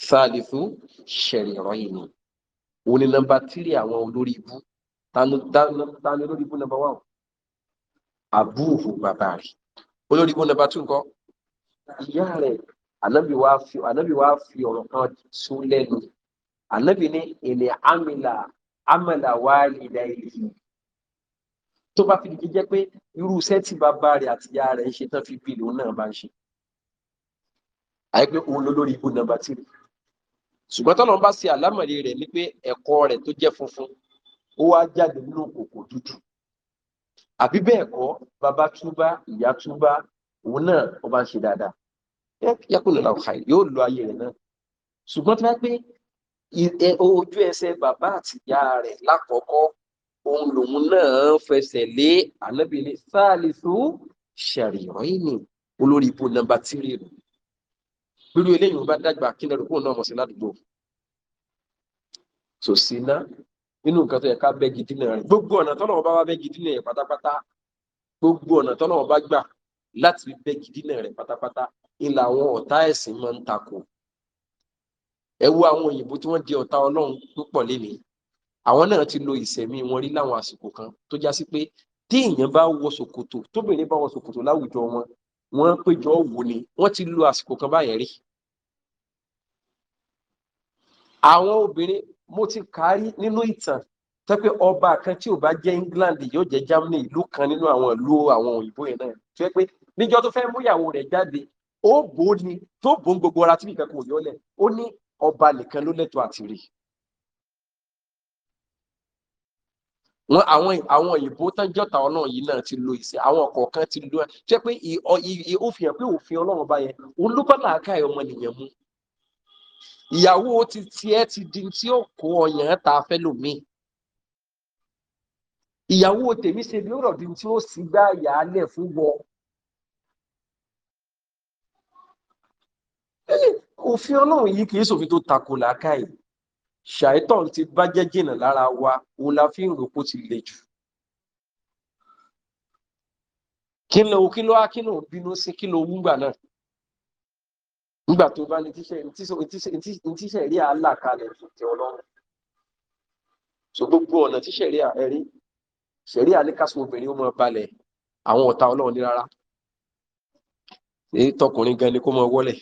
sáàlì fún ṣẹ̀rì ọ̀rọ̀ yìí ni òun ni nọ́mbà tírì àwọn olórí ibú tani olórí ibú nọ́mbà wà ó àbúrò bàbá rẹ̀ olórí ibú nọ́mbà tún kọ́ ìyá rẹ̀ ànábì wa fi ànábì wa fi ọ̀rọ̀ kan sún lẹ́nu ànábì ní èlé amìlà amìlà wa ìdá èyí tó bá fi dìde jẹ́ pé irú iṣẹ́ tí bàbá rẹ̀ àti ìyá rẹ̀ ń ṣe tán fi bí lòun náà bá ń ṣe àìpé òun ló lórí ibú nàmbà tìrì ṣùgbọ́n tọ́lọ́ bá ṣe àlámọ̀rí rẹ̀ ni pé ẹ̀kọ́ rẹ̀ tó jẹ́ funfun ó wá jáde nínú kòkò dúdú àbí bẹ́ẹ̀ kọ́ bàbá túbá ìyá túbá òun náà ó bá ń ṣe dáadáa yàkùnlé làwọn kàì yóò lo ayé rẹ̀ náà ṣùgbọ́n tí wọ́n pé ojú ẹsẹ̀ bàbá àtìyá rẹ̀ lákọ̀ọ́kọ́ òun lòun náà fẹsẹ̀ lé ànábìrin sáàlì tó ṣàríyàn yìí ni olórí ibo nọ́mbà tírì rẹ̀ irú eléyìí bá dàgbà kí lẹ́rù kóun náà mọ̀ sí ládùúgbò tò sí ná nínú nǹkan tó yẹ ká bẹ́ gidi náà rẹ̀ gbogbo ọ̀nà tọ́lọ́wọ́ bá wá bẹ́ gidi náà yẹ pátápátá gbogbo ọ̀nà tọ́lọ́wọ́ bá gbà láti rí bẹ́ẹ̀gì dínà rẹ̀ pátápátá ìlà àwọn ọ̀tá ẹ̀sìn máa ń takò ẹ wo àwọn òyìnbó tí wọ́n di ọ̀tá ọlọ́run púpọ̀ lénìí àwọn náà ti lo ìsẹ̀mí wọn rí láwọn àsìkò kan tó já sí pé tí èèyàn bá wọ ṣòkòtò tóbìnrin bá wọ ṣòkòtò láwùjọ wọn wọ́n péjọ wò ni wọ́n ti lo àsìkò kan báyẹn rí àwọn obìnrin mo ti kárí nínú ìtàn tẹ́pẹ́ ọba kan tí ò bá jẹ́ England yóò jẹ́ Germany ìlú kan nínú àwọn ìlú àwọn òyìnbó yẹn náà tó yẹ pé níjọ́ tó fẹ́ mú ìyàwó jáde ó ni tó bò gbogbo ara tí nìkan kò yọlẹ̀ ó ní ọba nìkan ló àti rí. wọn àwọn àwọn òyìnbó yìí náà ti lo ìṣe àwọn ọ̀kọ̀ọ̀kan ti lo jẹ́ pé ó fi pé òfin ọlọ́run ọba yẹn mu ìyàwó ti ti di tí ó kó ọyàn ta fẹ́ lómi ìyàwó tèmi ṣe bí ó rọ̀ di tí ó sì gbá yàálẹ̀ fún wọ òfin ọlọ́run yìí kìí sòfin tó takò làákàyè ṣàìtàn ti bàjẹ́ jìnà lára wa òun la fi ń rò kó ti le jù kí ló kí ló kí ló bínú sí kí ló wúgbà náà nígbà tó bá ní tíṣẹ̀ rí àálà kalẹ̀ tẹ ọlọ́run so gbogbo ọ̀nà tíṣẹ̀ rí ẹ̀rí ṣẹ̀rí àlékásùn obìnrin ó mọ balẹ̀ àwọn ọ̀tá ọlọ́run ní rárá èyí tọkùnrin gan ni kó mọ wọlé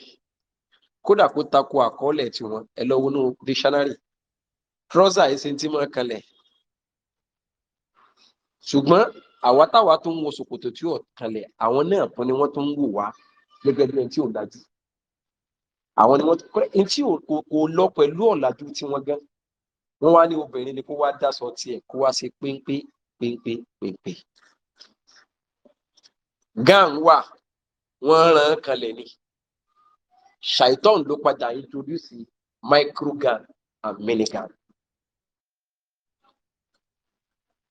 kódà kó tako àkọọ́lẹ̀ tiwọn ẹ lọ wọnú dictionary trọ́sà ẹsẹ̀ tí máa kanlẹ̀ ṣùgbọ́n àwa táwa tó ń wọ ṣòkòtò tí ò kanlẹ̀ àwọn náà tán ni wọ́n tó ń wò wá gẹ́gẹ́ bí ẹni tí ò dájú àwọn ni wọ́n tó ẹni tí kò lọ pẹ̀lú ọ̀làjú tí wọ́n gán wọ́n wá ní obìnrin ni kó wá dáṣọ tiẹ̀ kó wá ṣe péńpé péńpé péńpé gáà wà wọ́n ràn án ni shaitan ló padà introduce microgan and minigan.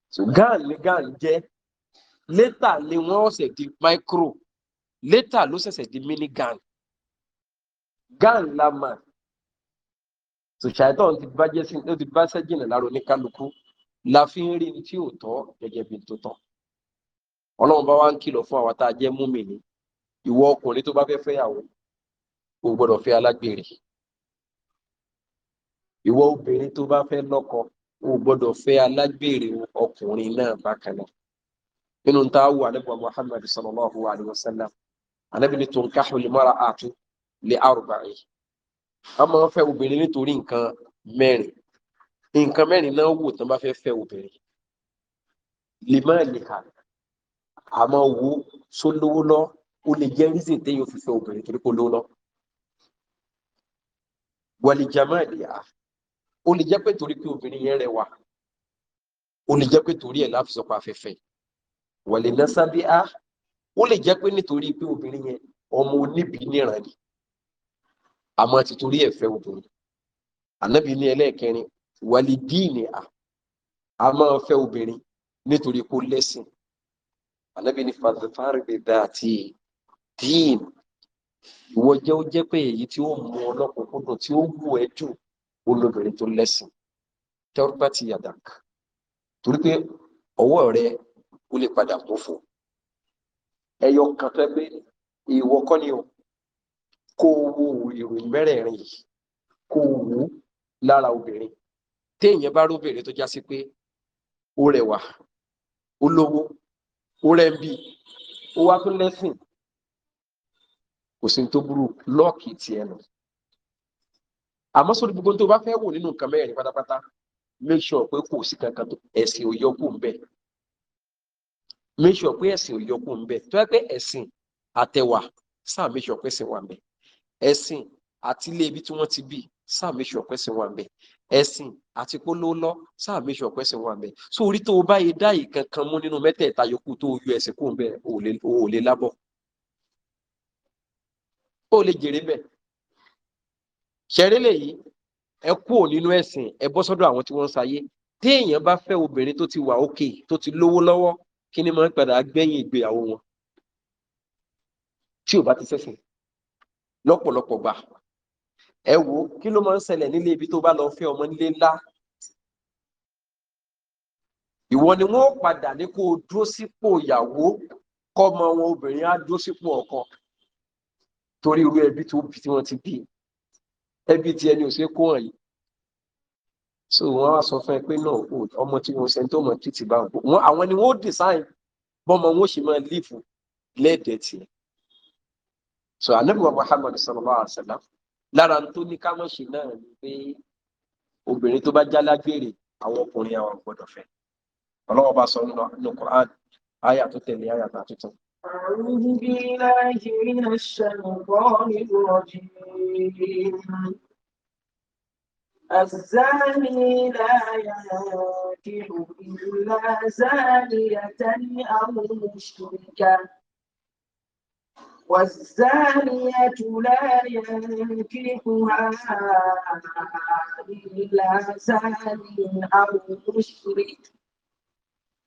so gan ni gan jẹ́ létà ni wọ́n ṣẹ̀ di micro létà ló ṣẹ̀ṣẹ̀ di minigan gan la mà so shaitan ti bàjẹ́ sí ló ti bá sẹ́jìnà lára oníkálukú la fi ń rí ní tí ò tọ́ gẹ́gẹ́ bí tó tọ́ ọlọ́run bá wá ń kìlọ̀ fún àwa tá a jẹ́ múmi ni ìwọ ọkùnrin tó bá fẹ́ fẹ́yàwó o gbọ́dọ̀ fẹ́ alágbèrè ìwọ obìnrin tó bá fẹ́ lọ́kọ o gbọ́dọ̀ fẹ́ alágbèrè ọkùnrin náà bákan náà nínú ta wù ànábì Muhammad sallallahu alayhi wa sallam ànábì ní tunkahu al-mar'atu li arba'i a máa ń fẹ́ obìnrin nítorí nǹkan mẹ́rin nǹkan mẹ́rin náà wò tán bá fẹ́ fẹ́ obìnrin lè má lè kà àmọ́ wo sólówó lọ ó lè jẹ́ rízìn téèyàn fi fẹ́ obìnrin torí kó lówó lọ́wọ́ wàlìjàmá ìlíyà ó lè jẹ́ pé torí pé obìnrin yẹn rẹwà ó lè jẹ́ pé torí ẹ̀ láfi sọpọ̀ afẹ́fẹ́ wàlẹ̀ lẹ́sàbí á ó lè jẹ́ pé nítorí pé obìnrin yẹn ọmọ oníbi níran ni àmọ́ ti torí ẹ̀ fẹ́ obìnrin ànábì ní ẹlẹ́ẹ̀kẹrin wàlẹ̀ díìnì á a máa fẹ́ obìnrin nítorí kó lẹ́sìn ànábì ní fàdífàrí bẹ́ẹ̀ dáa díìnì ìwọ jẹ́ ó jẹ́ pé èyí tí ó mú ọlọ́kùnkúndùn tí ó wù ẹ́ jù ó lóbìnrin tó lẹ́sìn tẹ́rùbá ti yàdàk torí pé ọwọ́ rẹ ó lè padà tó fò ẹyọ kan tó pé ìwọ kọ́ ni o kó wo ìròyìn mẹ́rẹ̀ẹ̀rin yìí kó o lára obìnrin téèyàn bá róbìnrin tó já sí pé ó rẹwà ó lówó ó rẹ́ńbì ó wá tún lẹ́sìn kò sí tó burú lọ́ọ̀kì tiẹ̀ nù àmọ́ sórí gbogbo tó bá fẹ́ wò nínú nǹkan mẹ́rin pátápátá make sure pé kò sí kankan tó ẹ̀sìn òyọkù ń bẹ make sure pé ẹ̀sìn òyọkù ń bẹ tó yẹ pé ẹ̀sìn àtẹwà sáà make sure pé ẹ̀sìn wà ń bẹ ẹ̀sìn àti ilé ibi tí wọ́n ti bí sáà make sure pé ẹ̀sìn wà ń bẹ ẹ̀sìn àti polówólọ́ sáà make sure pé ẹ̀sìn wà ń bẹ so orí tó o bá yẹ dá yìí kankan mú nínú mẹ́tẹ̀ẹ̀ta yòókù tó o yọ ẹ̀sìn kù ń bẹ ò lè lábọ̀ kó o lè jèrè bẹ̀. ṣẹ̀rí lèyí ẹ kúrò nínú ẹ̀sìn ẹ bọ́ sọ́dọ̀ àwọn tí wọ́n ń sayé téèyàn bá fẹ́ obìnrin tó ti wà òkè tó ti lówó lọ́wọ́ kí ni máa ń padà gbẹ̀yìn ìgbéyàwó wọn tí ò bá ti sẹ́sìn lọ́pọ̀lọpọ̀ gbà ẹ wo kí ló máa ń ṣẹlẹ̀ nílé ibi tó bá lọ fẹ́ ọmọ nílé ńlá ìwọ ni wọn ó padà ní kó o dúró sípò ìyàwó kọ́mọ wọn obìnrin á dúró sípò ọkọ torí irú ẹbí tó bí tí wọ́n ti bí ẹbí tí ẹni ò ṣe kó hàn yìí so wọ́n á sọ fún ẹ pé náà ọmọ tí wọ́n sẹ́ni tó mọ̀ tí ti bá wọn àwọn ni wọ́n design bọ́mọ wọn ṣe máa lífù lẹ́ẹ̀dẹ̀ tiẹ̀ so anabiwa Muhammad sallallahu alaihi wa sallam lára tó ní ká mọ̀ ṣe náà ni pé obìnrin tó bá já lágbèrè àwọn ọkùnrin àwọn gbọ́dọ̀ fẹ́ ọlọ́wọ́ bá sọ nínú Quran àyà tó tuntun أعوذ بالله من الشيطان الرجيم الزاني لا ينكح إلا زانية أو مشركة والزانية لا ينكحها إلا زان أو مشرك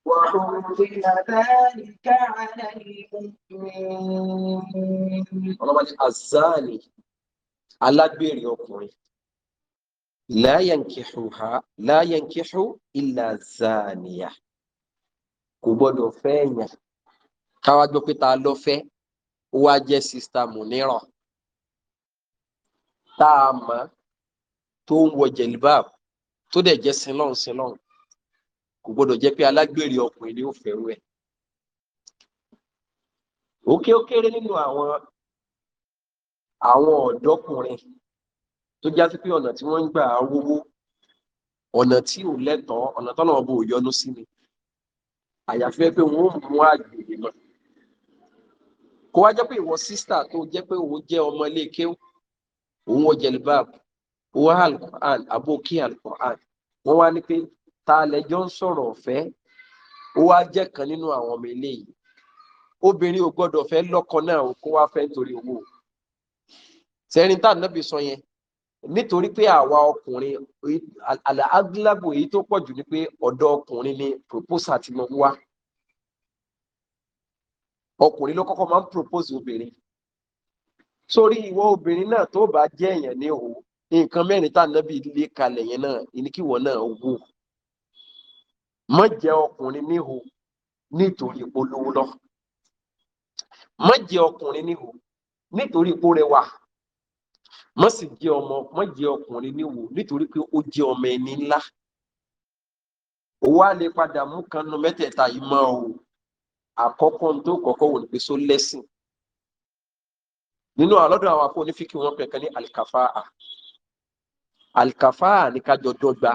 وحرم ذلك على المؤمنين ọlọ́wọ́ ni azani alágbèrè ọkùnrin láyànkíhù ilà zaniya kò gbọ́dọ̀ fẹ́ èèyàn káwá gbọ́ pé ta ló fẹ́ ó wá jẹ́ sista munira tá a tó ń wọ jẹ̀líbáàbù tó dẹ̀ jẹ́ sinlọ́n sinlọ́n kò gbọdọ̀ jẹ́ pé alágbèrè ọkùnrin ni ó fẹ́rù ẹ̀ òkè ó kéré nínú àwọn àwọn ọ̀dọ́kùnrin tó jásí pé ọ̀nà tí wọ́n ń gbà wówó ọ̀nà tí ò lẹ́tọ̀ọ́ ọ̀nà tọ́nà ọba ò yọnu sí mi àyàfi pé wọ́n ó mú àgbèrè náà kó wá jẹ́ pé ìwọ sísítà tó jẹ́ pé òun jẹ́ ọmọ ilé kéwù òun wọ jẹlibáàbù ó wá alukur'an àbó kí wọ́n wá ní pé tá a lẹ́jọ́ ń sọ̀rọ̀ ọ̀fẹ́ ó wá jẹ́ kan nínú àwọn ọmọ eléyìí obìnrin ò gbọ́dọ̀ fẹ́ lọ́kọ náà kó wá fẹ́ nítorí owó sẹ́rin tá nàbì sọ yẹn nítorí pé àwa ọkùnrin àlàágílábò èyí tó pọ̀ jù ni pé ọ̀dọ̀ ọkùnrin ni proposal ti mọ wá ọkùnrin ló kọ́kọ́ máa ń propose obìnrin sórí ìwọ obìnrin náà tó bá jẹ́ èèyàn ní òwò nǹkan mẹ́rin tá nàbì lé kalẹ̀ yẹn náà ìníkìwọ náà wò má jẹ́ ọkùnrin níhò nítorí ipò lówó lọ má jẹ́ ọkùnrin níhò nítorí ipò rẹwà má sì jẹ́ ọmọ má jẹ́ ọkùnrin níhò nítorí pé ó jẹ́ ọmọ ẹni ńlá òwò á padà mú kan nu yìí mọ́ o àkọ́kọ́ tó kọ́kọ́ wò ní pé só lẹ́sìn nínú àlọ́dọ̀ àwọn afọ onífíkì wọn pẹ̀kan ní alikafa alikafa ní kájọ dọ́gba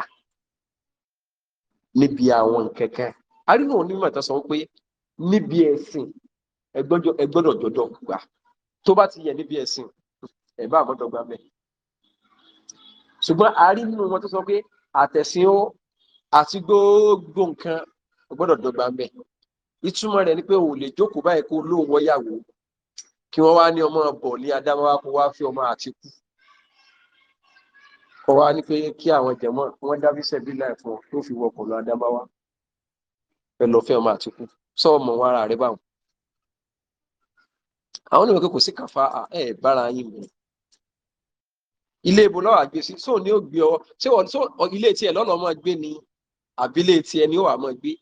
níbi àwọn nkẹ̀kẹ́ arínú onímọ̀ ìtàn sọ pé níbi ẹ̀sìn ẹ gbọ́dọ̀ jọjọ gbà tó bá ti yẹ níbi ẹ̀sìn ẹ bá àgbọ̀dọ̀ gbà bẹ́ẹ̀ ṣùgbọ́n arínú wọn tó sọ pé àtẹ̀sìn ó àti gbogbo nǹkan ẹ dọ́gba bẹ́ẹ̀ ìtumọ̀ rẹ̀ ni pé o lè jókòó báyìí kó lóun wọ́yàwó kí wọ́n wá ní ọmọ bọ̀ ní adámáwá kó wá fi ọmọ àti kú kọ wá ní pé kí àwọn jẹmọ wọn dá bísẹ bí láì fún ọ tó fi wọkọ lọ adábáwá ẹ lọ fẹ ọmọ àtìkú sọ ọmọ wọn ara rẹ báwọn àwọn onímọ̀ pé kò sí kàfa ẹ bára yín mọ́ ilé ibo lọ́wọ́ àgbè sí sóò ní ó ọ ṣé ilé tiẹ̀ lọ́nà ọmọ gbé ni àbílẹ̀ tiẹ̀ ni ó wà mọ́ gbé.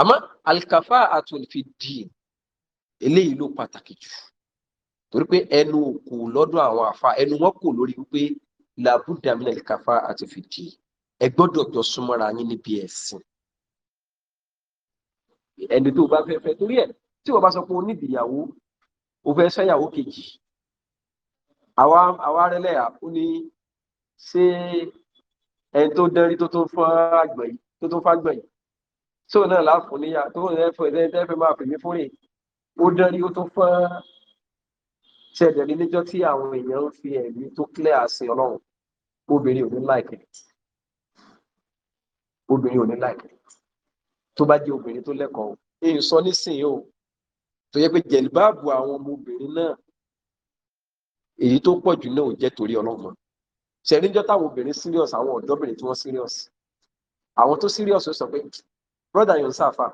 àmọ́ alkafa àtúnfìdí eléyìí ló pàtàkì jù torí pé ẹnu kò lọ́dọ̀ àwọn àfa ẹnu wọn kò lórí wípé làbúdà mi nàìjíríà káfa àti fìdí ẹ gbọ́dọ̀ jọ súnmọ́ra yín níbi ẹ̀sìn ẹni tó bá fẹ́ẹ́ fẹ́ torí ẹ̀ tí wọ́n bá sọ pé o nídìí ìyàwó o fẹ́ sẹ́yàwó kejì àwa àwa rẹ́lẹ̀ ó ní ṣé ẹni tó dẹ́rí tó tó fọ́ àgbẹ̀ yìí tó tó fọ́ àgbẹ̀ yìí tó náà láàfún níyà tó náà fẹ́ fẹ́ máa fèmí fúnrè ó dẹ́rí ó tó fọ́ àgbẹ̀ ṣe ẹ̀dẹ̀ ní níjọ́ tí àwọn èèyàn ń fi ẹ̀mí tó clear sí ọlọ́run obìnrin ò ní láìkẹ́ obìnrin ò ní láìkẹ́ tó bá jẹ́ obìnrin tó lẹ́kọ̀ọ́ èyí sọ nísìnyí o tó yẹ pé jẹ̀lbáàbù àwọn ọmọbìnrin náà èyí tó pọ̀ jù náà ò jẹ́ torí ọlọ́run ṣe níjọ́ táwọn obìnrin serious àwọn ọ̀dọ́bìnrin tí wọ́n serious àwọn tó serious sọ pé brother yóò ń sáfà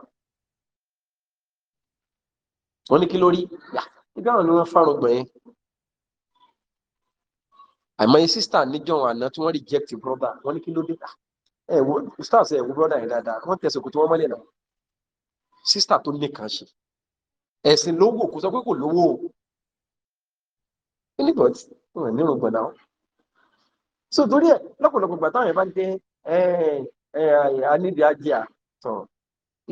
wọ́n ní kí ló rí ibi àwọn ni wọ́n fárọgbọ̀n yẹn àìmọye sísítà níjọ àná tí wọ́n reject brother wọ́n ní kí ló dé ah, ẹ wo stars ẹ wo brother yẹn dáadáa wọ́n tẹ̀sán kò tí wọ́n mọ́lẹ̀ náà sísítà tó nìkan ṣe ẹ̀sìn lówó kò sọ pé kò lówó o anybody wọn ní irun gbọ̀nà so torí ẹ lọ́pọ̀lọpọ̀ gbà táwọn yẹn bá ń dé ẹ ẹ anídìí ajé à tán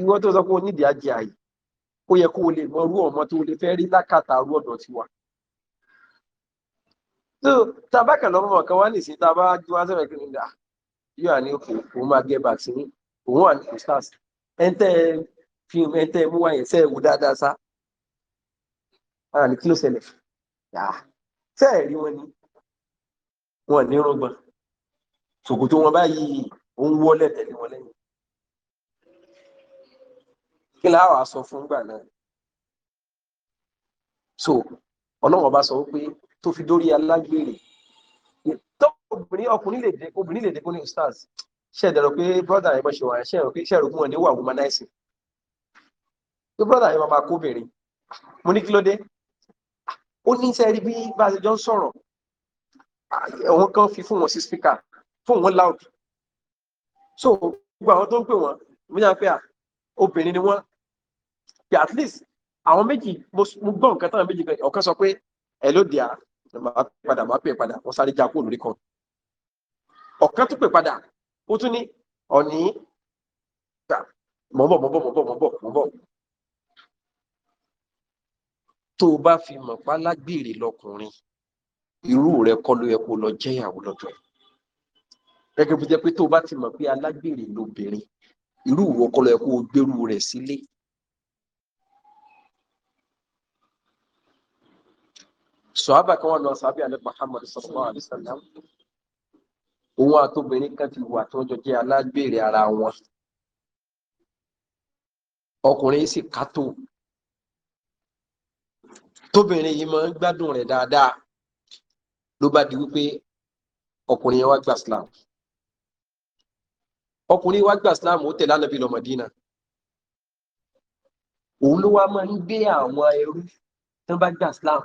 ìwọ tó sọ pé onídìí ajé à yìí ó yẹ kó o lè mọrú ọmọ tó o lè fẹ́ rí lákàtà arú ọ̀dọ̀ tiwa. tó tá a bá kàn lọ́mọ kan wá nìsín tá a bá ju wá sẹ́fẹ̀ẹ́ kiri nígbà yóò wà ní òkè òun máa gẹ bàtí ní òun wà ní stars ẹ̀ńtẹ́ fi ẹ̀ńtẹ́ mú wáyé sẹ́ẹ̀ wò dáadáa sá. ara ní kí ló sẹ́ẹ̀ rí wọn ni wọn ní rọgbọn ṣòkòtò wọn báyìí òun wọlé tẹ̀lé wọn lẹ́yìn kí láwà sọ fún gbà náà so ọlọ́run ọba sọ wípé tó fi dórí alágbèrè tó obìnrin ọkùnrin lè dé obìnrin lè dé kóní stars ṣe ẹ̀dẹ̀rọ pé brọ́dà yẹn bọ́ ṣe wà ṣe ẹ̀rọ pé ṣe ẹ̀rọ fún wọn ní wà womanizing pé brọ́dà yẹn máa kó obìnrin mo ní kí ló dé ó ní sẹ́rí bí bá a jọ ń sọ̀rọ̀ àwọn kan fi fún wọn sí speaker fún wọn loud so gbogbo àwọn tó ń pè wọn mo ní à ń obìnrin ni wọn pé at least àwọn méjì mo gbọ́ nǹkan táwọn méjì kan ọ̀kan sọ pé ẹ ló dìá màá padà màá pè padà wọ́n sáré já kúrò lórí kan ọ̀kan tó pè padà ó tún ní ọ̀ní mọ̀ bọ̀ mọ̀ bọ̀ mọ̀ bọ̀ mọ̀ bọ̀ mọ̀ bọ̀ tó o bá fi mọ̀ pa lágbèrè lọkùnrin irú rẹ kọ́ ló yẹ kó lọ jẹ́yàwó lọ́dọ̀ ẹ̀ gẹ́gẹ́ bó jẹ́ pé tó o bá ti mọ̀ pé alágbèrè lobìnrin irú ìwọ kọ́ yẹ kó o gbérú rẹ̀ sílé sọ́ábà kan wọ́n lọ sábì alẹ́ Muhammad sallallahu alaihi wasallam òun àtobìnrin kan ti wà tó ń jọ jẹ́ alágbèrè ara wọn ọkùnrin sì kátó tóbìnrin yìí máa ń gbádùn rẹ̀ dáadáa ló bá di wípé ọkùnrin yẹn wá gba Islam ọkùnrin wá gba Islam ó tẹ̀lé ànábì lọ Mọ̀dínà òun ló wá máa ń gbé àwọn ẹrú tó bá gba Islam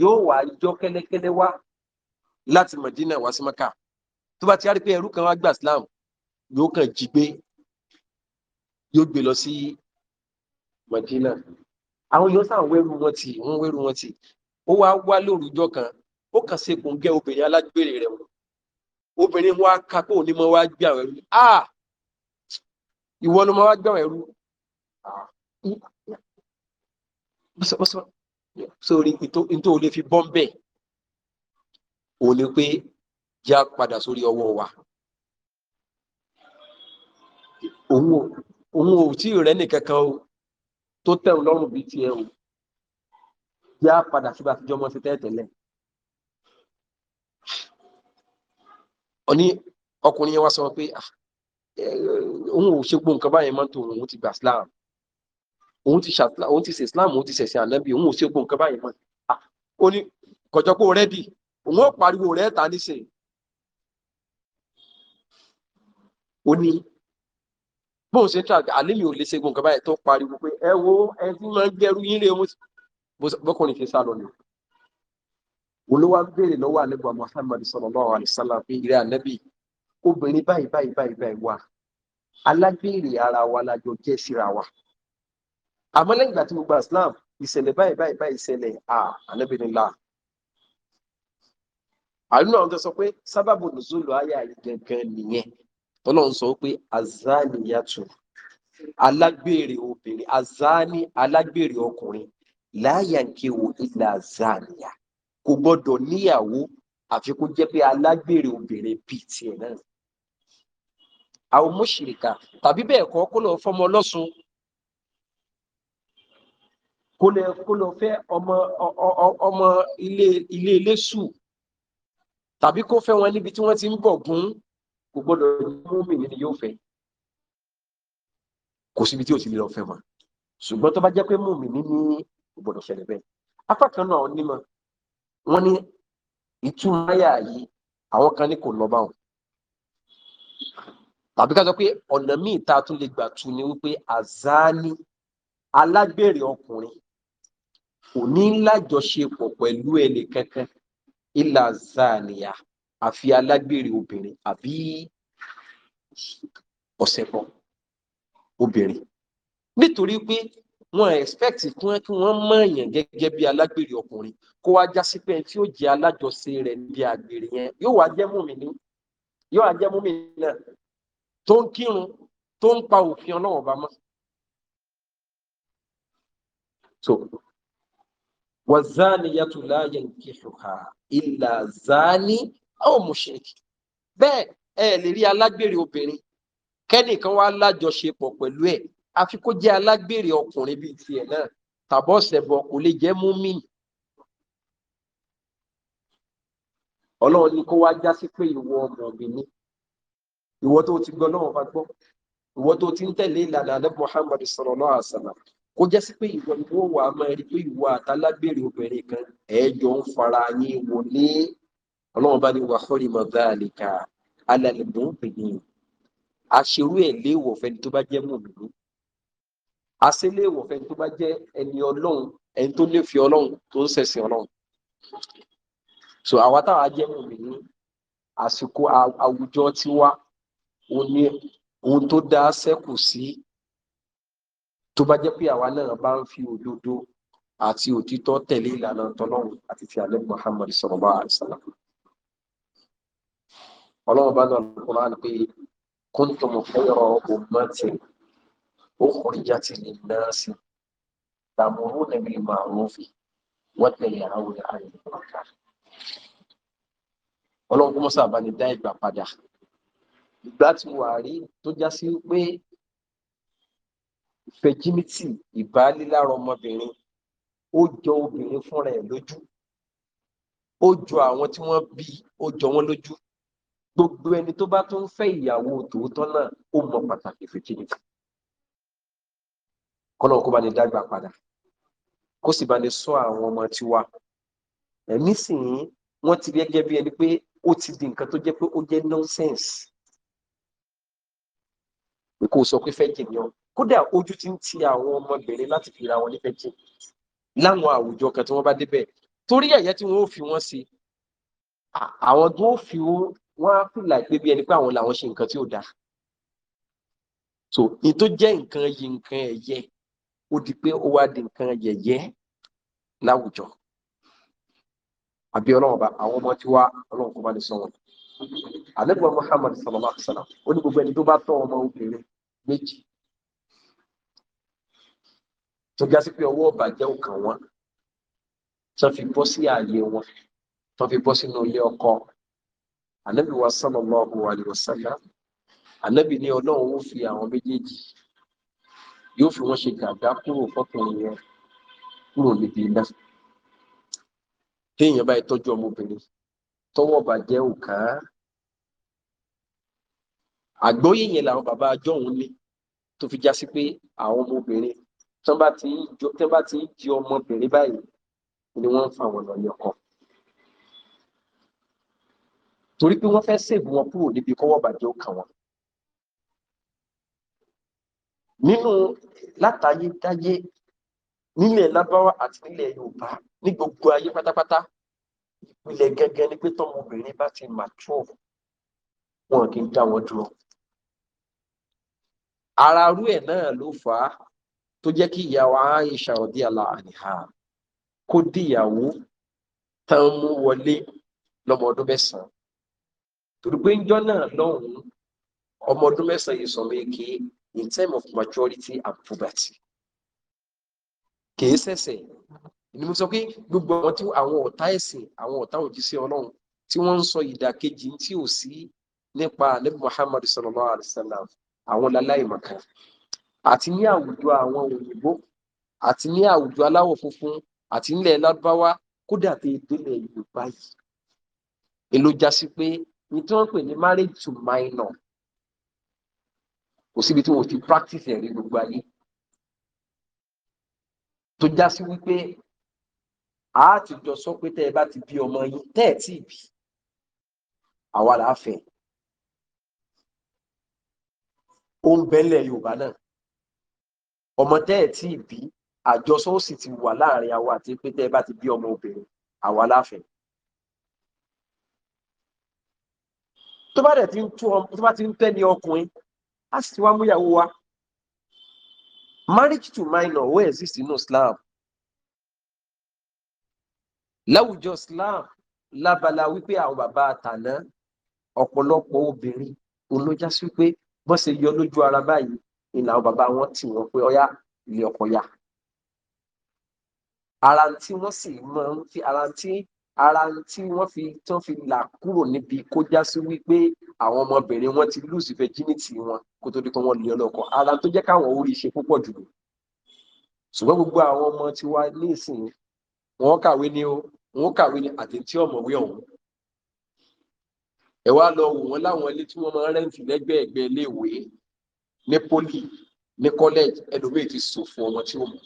yóò wá yọ kẹ́lẹ́kẹ́lẹ́ wá láti Mọ̀dínà wá sí Mẹ́kà tó bá ti rí pé ẹrú kan wá gba Islam yóò kàn jí gbé yóò gbé lọ sí Mọ̀dínà àwọn yóò sàn wẹ́rù wọn tì wọ́n wẹ́rù wọn tì ó wá wá lórúkọ kan ó kàn ṣe kò ń gẹ obìnrin alágbèrè rẹ̀ wọn obìnrin wa ka kó ní wá gbé àwọn ẹrú ah ìwọ ni mo wá gbé àwọn ẹrú sórí nítorí olè fi bọ́m̀bẹ̀ o ni pé já padà sórí ọwọ́ wa òun ò tí ì rẹ́ nìkankan o tó tẹ̀rùn lọ́rùn bíi tiẹ̀ o já padà síbi àtijọ́ mọ́ sí tẹ́tẹ̀lẹ̀ ọ̀ní ọkùnrin yẹn wá sọ pé ah, òun ò ṣe gbọ́ nǹkan báyẹn mọ́tò òun ti gbà síláàmù òun ti ṣàtìlá òun ti ṣe islam òun ti ṣẹ̀ṣẹ̀ ànábì òun ò ṣe gbogbo nǹkan báyìí mọ́ ó ní kọjọ pé rẹ́dì òun ó pariwo rẹ̀ ta nísìnyí ó ní bóun ṣe ń tà àlémi ò lè ṣe nǹkan báyìí tó pariwo pé ẹ wo ẹ ti máa ń gẹrú yín lé wọn bọ́kùnrin ṣe sá lọ ni olówó ń béèrè lọ́wọ́ àlẹ́gbà Muhammad sallallahu alaihi wasallam pé ìrẹ́ ànábì obìnrin báyìí báyìí báyìí báyìí wà alágbèrè ara wa lájọ jẹ́ síra wa àmọ́ lẹ́yìn ìgbà tí mo gba Islam ìṣẹ̀lẹ̀ báyìí báyìí báyìí ìṣẹ̀lẹ̀ ànábìnilá àrùn àwọn tó sọ pé sábàbù nùzúlù ayé àyè gangan nìyẹn tọ́lọ́run sọ pé azani yàtọ̀ alágbèrè obìnrin azani alágbèrè ọkùnrin láyàǹkéwò ilà azania kò gbọ́dọ̀ níyàwó àfi kó jẹ́ pé alágbèrè obìnrin bíi tiẹ̀ náà àwọn mọṣìríkà tàbí bẹ́ẹ̀ kọ́ kó lọ fọmọ ọlọsùn kó lè kó lọ fẹ́ ọmọ ọmọ ilé ilé lẹ́sù tàbí kó fẹ́ wọn níbi tí wọ́n ti ń bọ̀gún kò gbọ́dọ̀ múmi ni yóò fẹ́ kò síbi tí ò ti lè lọ fẹ́ wọn ṣùgbọ́n tó bá jẹ́ pé múmi ní ní kò gbọ́dọ̀ ṣẹlẹ̀ bẹ́ẹ̀ apá kan náà onímọ̀ wọ́n ní ìtumọ̀yà yìí àwọn kan ní kò lọ bá wọn tàbí ká sọ pé ọ̀nà míì tá a tún lè gbà tu ni wípé àzáni alágbèrè ọkùnrin kò ní lájọṣepọ̀ pẹ̀lú ẹnì kankan ilà zaniya àfi alágbèrè obìnrin àbí ọ̀sẹ̀bọ obìnrin nítorí pé wọn expect kí wọn kí wọn mọ̀ọ́yàn gẹ́gẹ́ bí alágbèrè ọkùnrin kó wá jásí pé tí ó jẹ́ alájọṣe rẹ̀ níbi àgbèrè yẹn yóò wá jẹ́ mùmínì yóò wá jẹ́ mùmínì náà tó ń kírun tó ń pa òfin ọlọ́wọ́ bá mọ́. so wazaniyatu la yankihuha illa zani aw mushrik bẹ́ẹ̀ ẹ lè rí alágbèrè obìnrin kẹ́nìkan wá lájọṣepọ̀ pẹ̀lú ẹ̀ àfi kó jẹ́ alágbèrè ọkùnrin bíi tiẹ̀ náà tàbọ̀ ṣẹ̀bọ̀ kò lè jẹ́ múmìnì. ọlọ́run ní kó wá já sí pé ìwọ ọmọbìnrin ìwọ tó ti gbọ́ náà bá gbọ́ ìwọ tó ti ń tẹ̀lé ìlànà àdébọ̀ Muhammad sallallahu alaihi wasallam kó jẹ́ sí pé ìwọ ni wọ́n wà á máa rí pé ìwọ àtàlágbèrè obìnrin kan ẹ̀ẹ́jọ́ ń fara yín wọlé ọlọ́run bá ní wàhálì mọ̀gáàlìkà alàlùmọ́ obìnrin àṣerú ẹ̀ léèwọ̀ fẹ́ni tó bá jẹ́ mọ̀mìnú àṣeléèwọ̀ fẹ́ni tó bá jẹ́ ẹni ọlọ́run ẹni tó nífẹ̀ẹ́ ọlọ́run tó ń ṣẹ̀sìn ọlọ́run so àwa táwa jẹ́ mọ̀mìnú àsìkò àwùjọ tiwa òun tó dá sẹ́kù sí tó bá jẹ́ pé àwa náà bá ń fi òdodo àti òtítọ́ tẹ̀lé ìlànà tọlọ́run àti ti alẹ́ Muhammad sallallahu alaihi wasallam ọlọ́run bá lọ Al-Qur'an pé kuntum khayra ummatin ukhrijat lin-nasi ta'muruna bil-ma'rufi wa tanhawna 'anil munkar ọlọ́run kó mọ́sàbá ni dá ìgbà padà ìgbà tí wàá rí tó já sí pé fẹjìmítì ìbálílára ọmọbìnrin ó jọ obìnrin fúnra ẹ̀ lójú ó jọ àwọn tí wọ́n bí ó jọ wọ́n lójú gbogbo ẹni tó bá tún ń fẹ́ ìyàwó tòótọ́ náà ó mọ pàtàkì fẹjìmítì kọ́nà kó bá ní dágbà padà kó sì bá ní sọ àwọn ọmọ tiwa ẹ̀mí sì ń wọ́n ti gẹ́gẹ́ bí ẹni pé ó ti di nǹkan tó jẹ́ pé ó jẹ́ nonsense kò sọ pé fẹ́ jìnnìyàn kódà ojú ti ń ti àwọn ọmọbìnrin láti fi ra wọn ní fẹ́jì láwọn àwùjọ kan tí wọ́n bá débẹ̀ torí ẹ̀yẹ tí wọ́n ó fi wọ́n sí àwọn tó ń fi wọ́n á fìlà pé bí ẹni pé àwọn làwọn ṣe nǹkan tí ò dáa so ní tó jẹ́ nǹkan yìí nǹkan ẹ̀yẹ ó di pé ó wá di nǹkan yẹ̀yẹ́ láwùjọ àbí ọlọ́run ọba àwọn ọmọ tí wá ọlọ́run kó bá lè sọ wọn àlẹ́gbọ̀n Muhammad sallallahu alaihi wasallam ó ní gbogbo ẹni tó bá tọ́ ọmọ obìnrin méjì tó já sí pé ọwọ́ ọ̀bàjẹ́ ò kàn wọ́n tó fi bọ́ sí ààyè wọn tó fi bọ́ sínú ilé ọkọ ànábì wa sallallahu alaihi wasallam ànábì ní ọlọ́run ó fi àwọn méjèèjì yóò fi wọ́n ṣe gàgá kúrò fọ́kùnrin yẹn kúrò níbi iná téèyàn báyìí tọ́jú ọmọbìnrin tọ́wọ́ ọ̀bàjẹ́ ò kàn án àgbọ́yé yẹn làwọn bàbá ajọ́hún ní tó fi já sí pé àwọn ọmọbìnrin tán bá ti ń jí ọmọbìnrin báyìí ni wọ́n ń fa àwọn ọ̀nà ọkọ torí pé wọ́n fẹ́ sèbù wọn kúrò níbi kọ́wọ́ bàjẹ́ ó kàn wọ́n nínú látayédáyé nílẹ̀ lábáwá àti nílẹ̀ yorùbá ní gbogbo ayé pátápátá ìpìlẹ̀ gẹ́gẹ́ ni pé tọmọbìnrin bá ti mature wọn kì í dá wọn dúró ara rú ẹ̀ náà ló fà á tó jẹ́ kí ìyàwó Aisha radiyallahu anha kó dìyàwó tán mú wọlé lọ́mọ ọdún mẹ́sàn-án torí pé ńjọ́ náà lọ́hùn-ún ọmọ ọdún mẹ́sàn-án yìí sọmọ èké in terms of maturity and puberty kìí ṣẹ̀ṣẹ̀ ni mo sọ pé gbogbo àwọn tí àwọn ọ̀tá ẹ̀sìn àwọn ọ̀tá òjíṣẹ́ Ọlọ́run tí wọ́n ń sọ ìdàkejì tí ò sí nípa Ànábì Muhammad sallallahu alaihi wasallam àwọn láláì mọ̀kan àti ní àwùjọ àwọn òyìnbó àti ní àwùjọ aláwọ̀ funfun àti nílẹ̀ lábáwá kódà tẹ ìpínlẹ̀ yorùbá yìí èló já sí pé ní tí wọ́n pè ní marriage to minor kò síbi tí wọ́n ti practice ẹ̀rí gbogbo ayé tó já sí wípé a ti jọ sọ pé tẹ́ ẹ bá ti bí ọmọ yín tẹ́ ẹ tí ì bí àwa là fẹ́ ó ń bẹ́lẹ̀ yorùbá náà ọmọ tẹ́ ẹ̀ tí ì bí àjọsọ ó sì ti wà láàrin àwa àti pé tẹ́ ẹ bá ti bí ọmọ obìnrin àwa láfẹ̀ẹ́. tó bá dẹ̀ ti ń tú ọmọ tó bá ti ń tẹ́ ní ọkùnrin á sì ti wá múyàwó wa. marriage to minor wey exist in Islam láwùjọ Islam lábala wípé àwọn bàbá àtàná ọ̀pọ̀lọpọ̀ obìnrin olójásí pé bọ́sẹ̀ yọ lójú ara báyìí ìlà bàbá wọn tì wọ́n pé ọyá ilé ọkọ yá ara tí wọ́n sì máa ń fi ara tí ara tí wọ́n fi tán fi là kúrò níbi kó já sí wípé àwọn ọmọbìnrin wọn ti lose virginity wọn kó tó di pé wọ́n lé ọlọ́kọ ara tó jẹ́ káwọn orí ṣe púpọ̀ jù lọ ṣùgbọ́n gbogbo àwọn ọmọ tí wàá ní ìsìn wọn kàwé ni ó wọn kàwé ni àtẹ̀tí ọ̀mọ̀wé ọ̀hún ẹ wá lọ wò wọn láwọn ilé tí wọ́n máa ń rẹ́ǹtì lẹ́gbẹ̀ẹ́gbẹ́ iléèwé ní poli ní college ẹlòmíì ti ṣòfò ọmọ tí ó mọ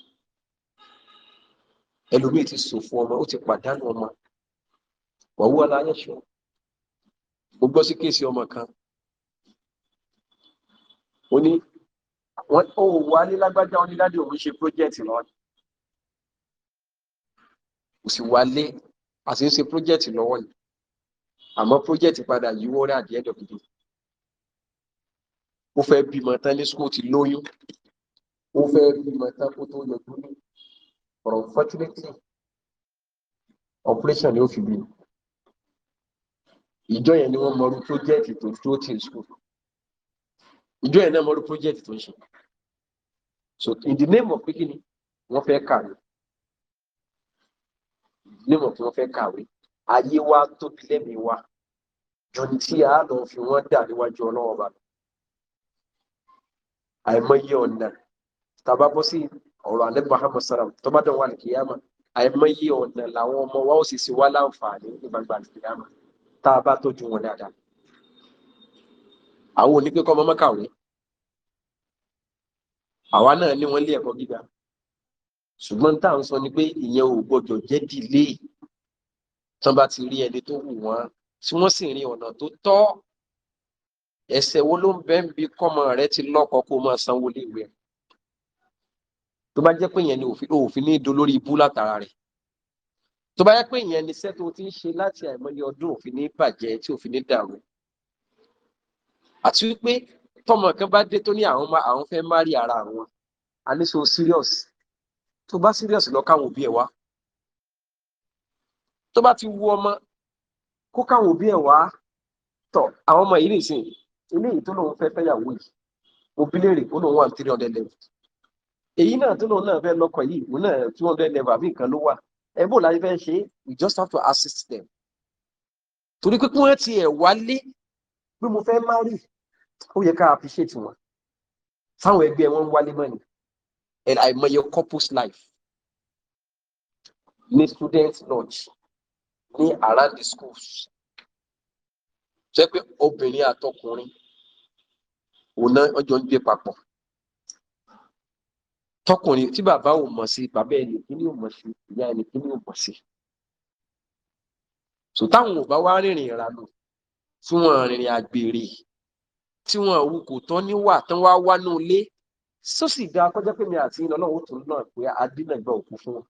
ẹlòmíì ti ṣòfò ọmọ ó ti pàdánù ọmọ wàhùn aláyẹsọ mo gbọ́ sí kéèsì ọmọ kan ó ní wọn ò wá ní lágbájá wọn ní dáàdi òun ṣe project lọ kò sì wálé àti ń ṣe project lọ́wọ́ ni àmọ́ project padà yíwọ́ rẹ̀ at the end of the day ó fẹ́ bímọ tán lẹ́sùkò ti lóyún ó fẹ́ bímọ tán kó tó yọjú ní ọ̀rọ̀ unfortunately operation ni ó fi bímọ ìjọ yẹn ni wọ́n mọrú project tó tó ti ń sùn ìjọ yẹn náà mọrú project tó ń sùn so in the name of pé kí ni wọ́n fẹ́ kàwé name of wọ́n fẹ́ kàwé ayé wa tóbi lẹ́mìí wa jù ní tí a lọ fi wọ́n dà níwájú ọlọ́wọ́ bá àìmọye ọ̀nà tàbá bọ́ sí ọ̀rọ̀ alẹ́ Muhammad salam tó bá dọ̀wọ́ àlìkìyàmà àìmọye ọ̀nà làwọn ọmọ wa ó sì sí wá láǹfààní ní gbangba àlìkìyàmà tá a bá tọ́jú wọn dáadáa. àwọn onípẹ́kọ́ ọmọ mọ́kàwé àwa náà ní wọ́n lé ẹ̀kọ́ gíga ṣùgbọ́n tá à ń sọ ni pé ìyẹn ò gbọ́dọ̀ jẹ́ dìlé tán bá ti rí ẹni tó wù wọ́n tí wọ́n sì rin ọ̀nà tó tọ́ ẹ̀ṣẹ̀ wo ló ń bẹ ń bi kọ́mọ rẹ ti lọ́kọ kó máa sanwó léèwé rẹ tó bá jẹ́ pé yẹn ni òfin ní do lórí ibú látara rẹ̀ tó bá jẹ́ pé yẹn ni iṣẹ́ tó ti ń ṣe láti àìmọye ọdún òfin ní bàjẹ́ tí òfin ní dàrú àti wípé tọmọ kan bá dé tó ní àwọn àwọn fẹ́ má rí ara àwọn a ní serious tó bá serious lọ káwọn òbí ẹ̀ wá tó bá ti wú ọmọ kó káwọn òbí ẹ̀ wá tọ̀ àwọn ọmọ yìí nìsín eléyìí tó lóun fẹ́ fẹ́yàwó yìí mo ó lóun wà ní three hundred level èyí náà tó lóun náà fẹ́ lọ́kọ̀ yìí òun náà two hundred level àbí nǹkan ló wà ẹ bó fẹ́ ṣe we just have to assist them torí pé kí wọ́n ti ẹ̀ wálé pé mo fẹ́ marry ó yẹ ká appreciate wọn fáwọn ẹgbẹ́ wọn ń wálé mọ́ni and I your couples life ní student lodge ní around the schools tó yẹ pé obìnrin àtọkùnrin òun náà ọjọ́ ń gbé papọ̀ tọkùnrin tí bàbá ò mọ̀ sí bàbá ẹni kíní ò mọ̀ sí ìyá ẹni kíní ò mọ̀ sí so táwọn ò bá wá rìnrìn ìranù tí wọn rìnrìn àgbèrè tí wọn òun kò tán níwà tán wá wá nù lé sọ́sì ga kọjá pé mi àti ìlọ́nà ó tún náà pé adínàgbà òkú fún wọn.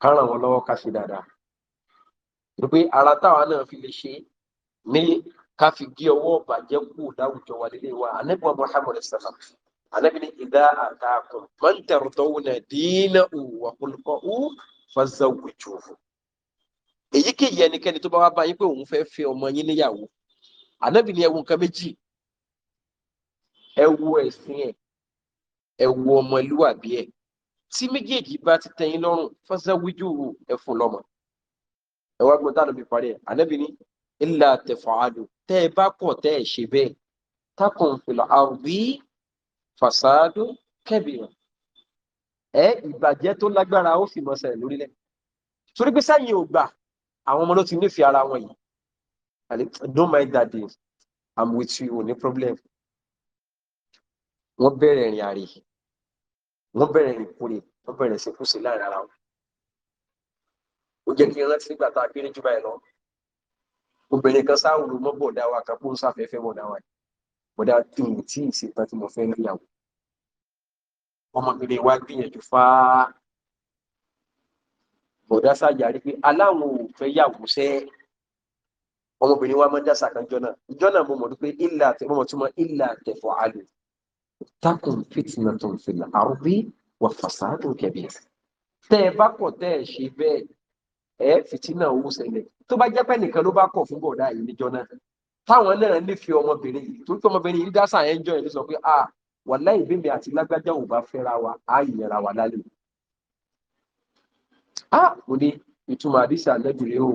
ká ràn wọn lọ́wọ́ ká ṣe dáadáa wípé ara táwa náà fi lè ṣe mí ká fi gé ọwọ́ bàjẹ́ kù láwùjọ wa lélẹ̀ wa anabi wa muhammed sallam anabi ni ìdá àtàkùn máa ń tẹ̀rù tọ́wọ́ náà dínà ò wà kólúkọ́ ó fàzà wùjọ. èyíkéyìí ẹnikẹ́ni tó bá wá bá yín pé òun fẹ́ fẹ́ ọmọ yín níyàwó anabi ni ẹ wo nǹkan méjì ẹ wo ẹ̀sìn ẹ̀ ẹ wo ọmọlúwàbí ẹ̀ tí méjèèjì bá ti tẹ̀yìn lọ́rùn fàzà wùjọ ẹ̀fún lọ́mọ ẹ wá gbọ́n tánàbí parí ẹ̀ ànábì ní ilà tẹ̀fọ̀ádù tẹ́ ẹ bá kọ̀ tẹ́ ẹ ṣe bẹ́ẹ̀ takùn fìlà àrùbí fàṣádù kẹ́bìrà ẹ ìbàjẹ́ tó lágbára ó fìmọ̀ sẹ̀ lórílẹ̀ torí pé sáyìn ò gbà àwọn ọmọ ló ti nífẹ̀ẹ́ ara wọn yìí don't mind that day i'm with you no problem wọ́n bẹ̀rẹ̀ ìrìn àrè wọ́n bẹ̀rẹ̀ ìkórè wọ́n bẹ̀rẹ̀ sí kùsì láàrin ara wọn ó jẹ́ kí n rántí nígbà tá a kéré jù báyìí lọ obìnrin kan sáwùrù mọ́ bọ̀dá wa kan fún sáfẹ́fẹ́ bọ̀dá wa bọ̀dá tí mo tí ì ṣetán tí mo fẹ́ níyàwó ọmọbìnrin wa gbìyànjú fá bọ̀dá sáyàrí pé aláwọn ò fẹ́ yàwó sẹ́ ọmọbìnrin wa máa ń dásà kan jọ́nà jọ́nà mo mọ̀ pé ilà mo mọ̀ túmọ̀ ilà tẹ̀fọ̀ àlù takùn fìtìnà tó ń fi àrùbí wà fàṣà tó kẹ̀bí tẹ́ bá kọ̀ tẹ́ ṣe bẹ́ẹ̀ ẹ fìtínà owó ṣẹlẹ̀ tó bá jẹ́ pé nìkan ló bá kọ̀ fún bọ̀dá yìí níjọ náà táwọn náà nífẹ̀ẹ́ ọmọbìnrin yìí tó ń tọ́ ọmọbìnrin yìí dásà ẹ̀ ń jọ ẹ̀ ló sọ pé ah wàlá ìbímẹ àti lágbájá ò bá fẹ́ra wa á yẹra wa lálẹ́ ah mo ní ìtumọ̀ àdìsá lẹ́bìrì o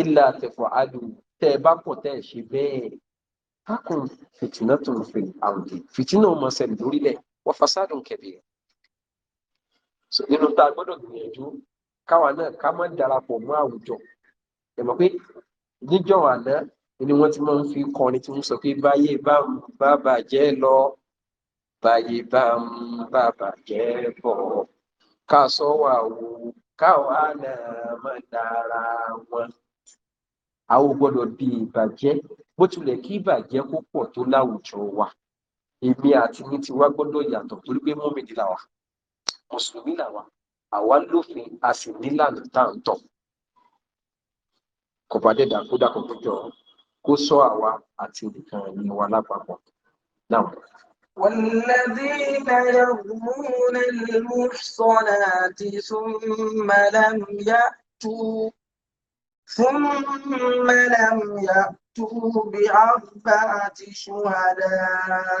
ilà tẹ̀fọ̀ adù tẹ́ ẹ bá pọ̀ tẹ́ ẹ ṣe bẹ́ẹ̀ kákùn fìtínà tó ń fi àwùjọ fìtínà ọmọ ṣẹlẹ̀ lórílẹ̀ wọ́n fasádùn kẹ̀bí nínú tá a gbọ́dọ̀ gbìyànjú káwa náà ká má darapọ̀ mọ́ àwùjọ ẹ̀mọ́ pé níjọ́ àná ni wọ́n ti máa ń fi kọrin tí wọ́n sọ pé báyé bá ń bá bàjẹ́ lọ báyé bá ń bá bàjẹ́ bọ̀ ká sọ wà wò káwa náà má dára wọn. àwọn gbọ́dọ̀ di ìbàjẹ́ bó tilẹ̀ kí ìbàjẹ́ kó pọ̀ tó láwùjọ wa èmi àti ní tiwa gbọ́dọ̀ yàtọ̀ torí pé mọ́mìdí làwà mùsùlùmí làwà àwa lófin a sì nílànà tá à ń tọ̀ kò bá dẹ̀dà kó dàpọ̀ púpọ̀ kó sọ àwa àti nìkan ní wa lápapọ̀ náà. والذين يرمون المحصنات ثم لم يأتوا ثم لم يأتوا بأربعة شهداء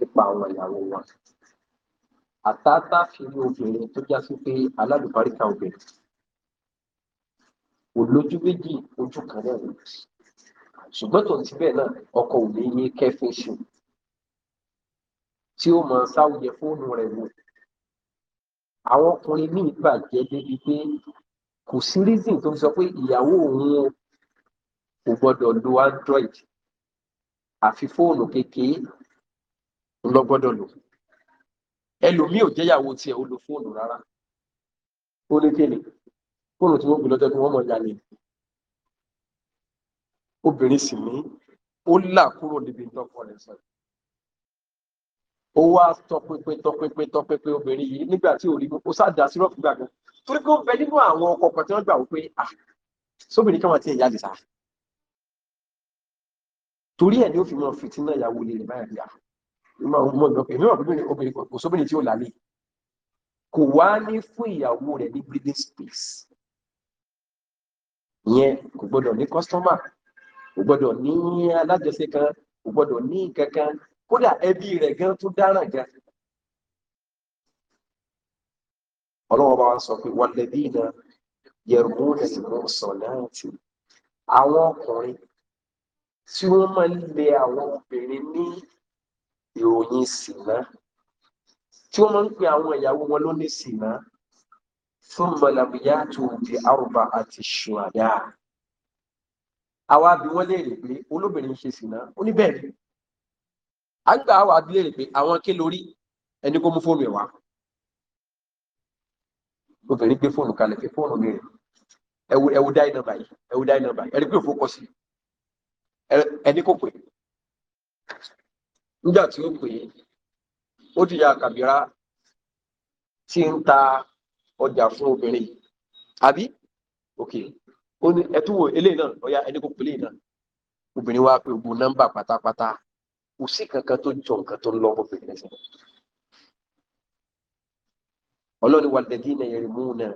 nípa àwọn ìyàwó wọn àtàtà fi rí obìnrin tó já sí pé alálùbáríkà obìnrin kò lójú méjì ojú kan náà ni ṣùgbọ́n tó ti bẹ́ẹ̀ náà ọkọ ò ní ní kẹfín ṣù tí ó máa sáwùjẹ fóònù rẹ̀ wò àwọn ọkùnrin ní ìbàjẹ́ débi pé kò sí reason tó sọ pé ìyàwó òun kò gbọ́dọ̀ lo android àfi fóònù kékeré lọ gbọ́dọ̀ lò ẹlòmíì ò jẹ́yàwó tiẹ̀ ó lo fóònù rárá ó ní kéde fóònù tí wọ́n gbé lọ́jọ́ tí wọ́n mọ̀ yálé obìnrin sì ní ó là kúrò níbi ìtọ́kọ rẹ̀ sọ ó wá tọpinpin tọpinpin tọpinpin obìnrin yìí nígbà tí ò rí ó sáàdá sí rọ́ọ̀kì gbàgbọ́ torí pé ó bẹ nínú àwọn ọkọ kan tí wọ́n gbà wípé ah sóbìnrin káwọn ti ẹ̀yà lè sá torí ẹ̀ ni ó fi mọ fìtínà ìyàwó lè rí báyà rí mọ̀ lọ́kẹ̀ mímọ̀ pé obìnrin kò sóbìnrin tí ó lálẹ́ kò wá ní fún ìyàwó rẹ̀ ní breathing space ìyẹn kò gbọ́dọ̀ ní kọ́sítọ́mà kò gbọ́dọ̀ ní alájọṣe kan kò gbọ́dọ̀ ní kankan kódà ẹbí rẹ̀ gan tó dáràn gan. ọlọ́wọ́ bá wa sọ pé wọ́n lẹ́bí iná yẹ̀rùmú ẹ̀sìnkún sọ̀láǹtì àwọn ọkùnrin tí wọ́n máa ń lé àwọn obìnrin ní ìròyìn sìnà tí wọ́n máa ń pe àwọn ìyàwó wọn ló ní sìnà fún mọ̀làbíyá tó di àrùbá àti ṣùwàdà àwa bí wọ́n léèrè pé olóbìnrin ṣe sìnà ó ní bẹ́ẹ̀ ni à ń gbà àwa bí léèrè pé àwọn ké lórí ẹni kó mú fóònù ẹ̀ wá obìnrin gbé fóònù kalẹ̀ fi fóònù mi ẹwù ẹwù dáì nọ́mbà yìí ẹwù dáì nọ́mbà yìí ẹni pé òfò sí ẹni kó pè nígbà tí ó pè é ó ti ya kàbírá tí ń ta ọjà fún obìnrin àbí òkè ó ní ẹtú wo eléyìí náà ọyá ẹni kò pèlè náà obìnrin wa pé gbogbo nọ́mbà pátápátá kò sí kankan tó jọ nǹkan tó ń lọ ọmọbìnrin ẹsẹ ọlọ́ni wà lẹ́dí náà yẹn mú náà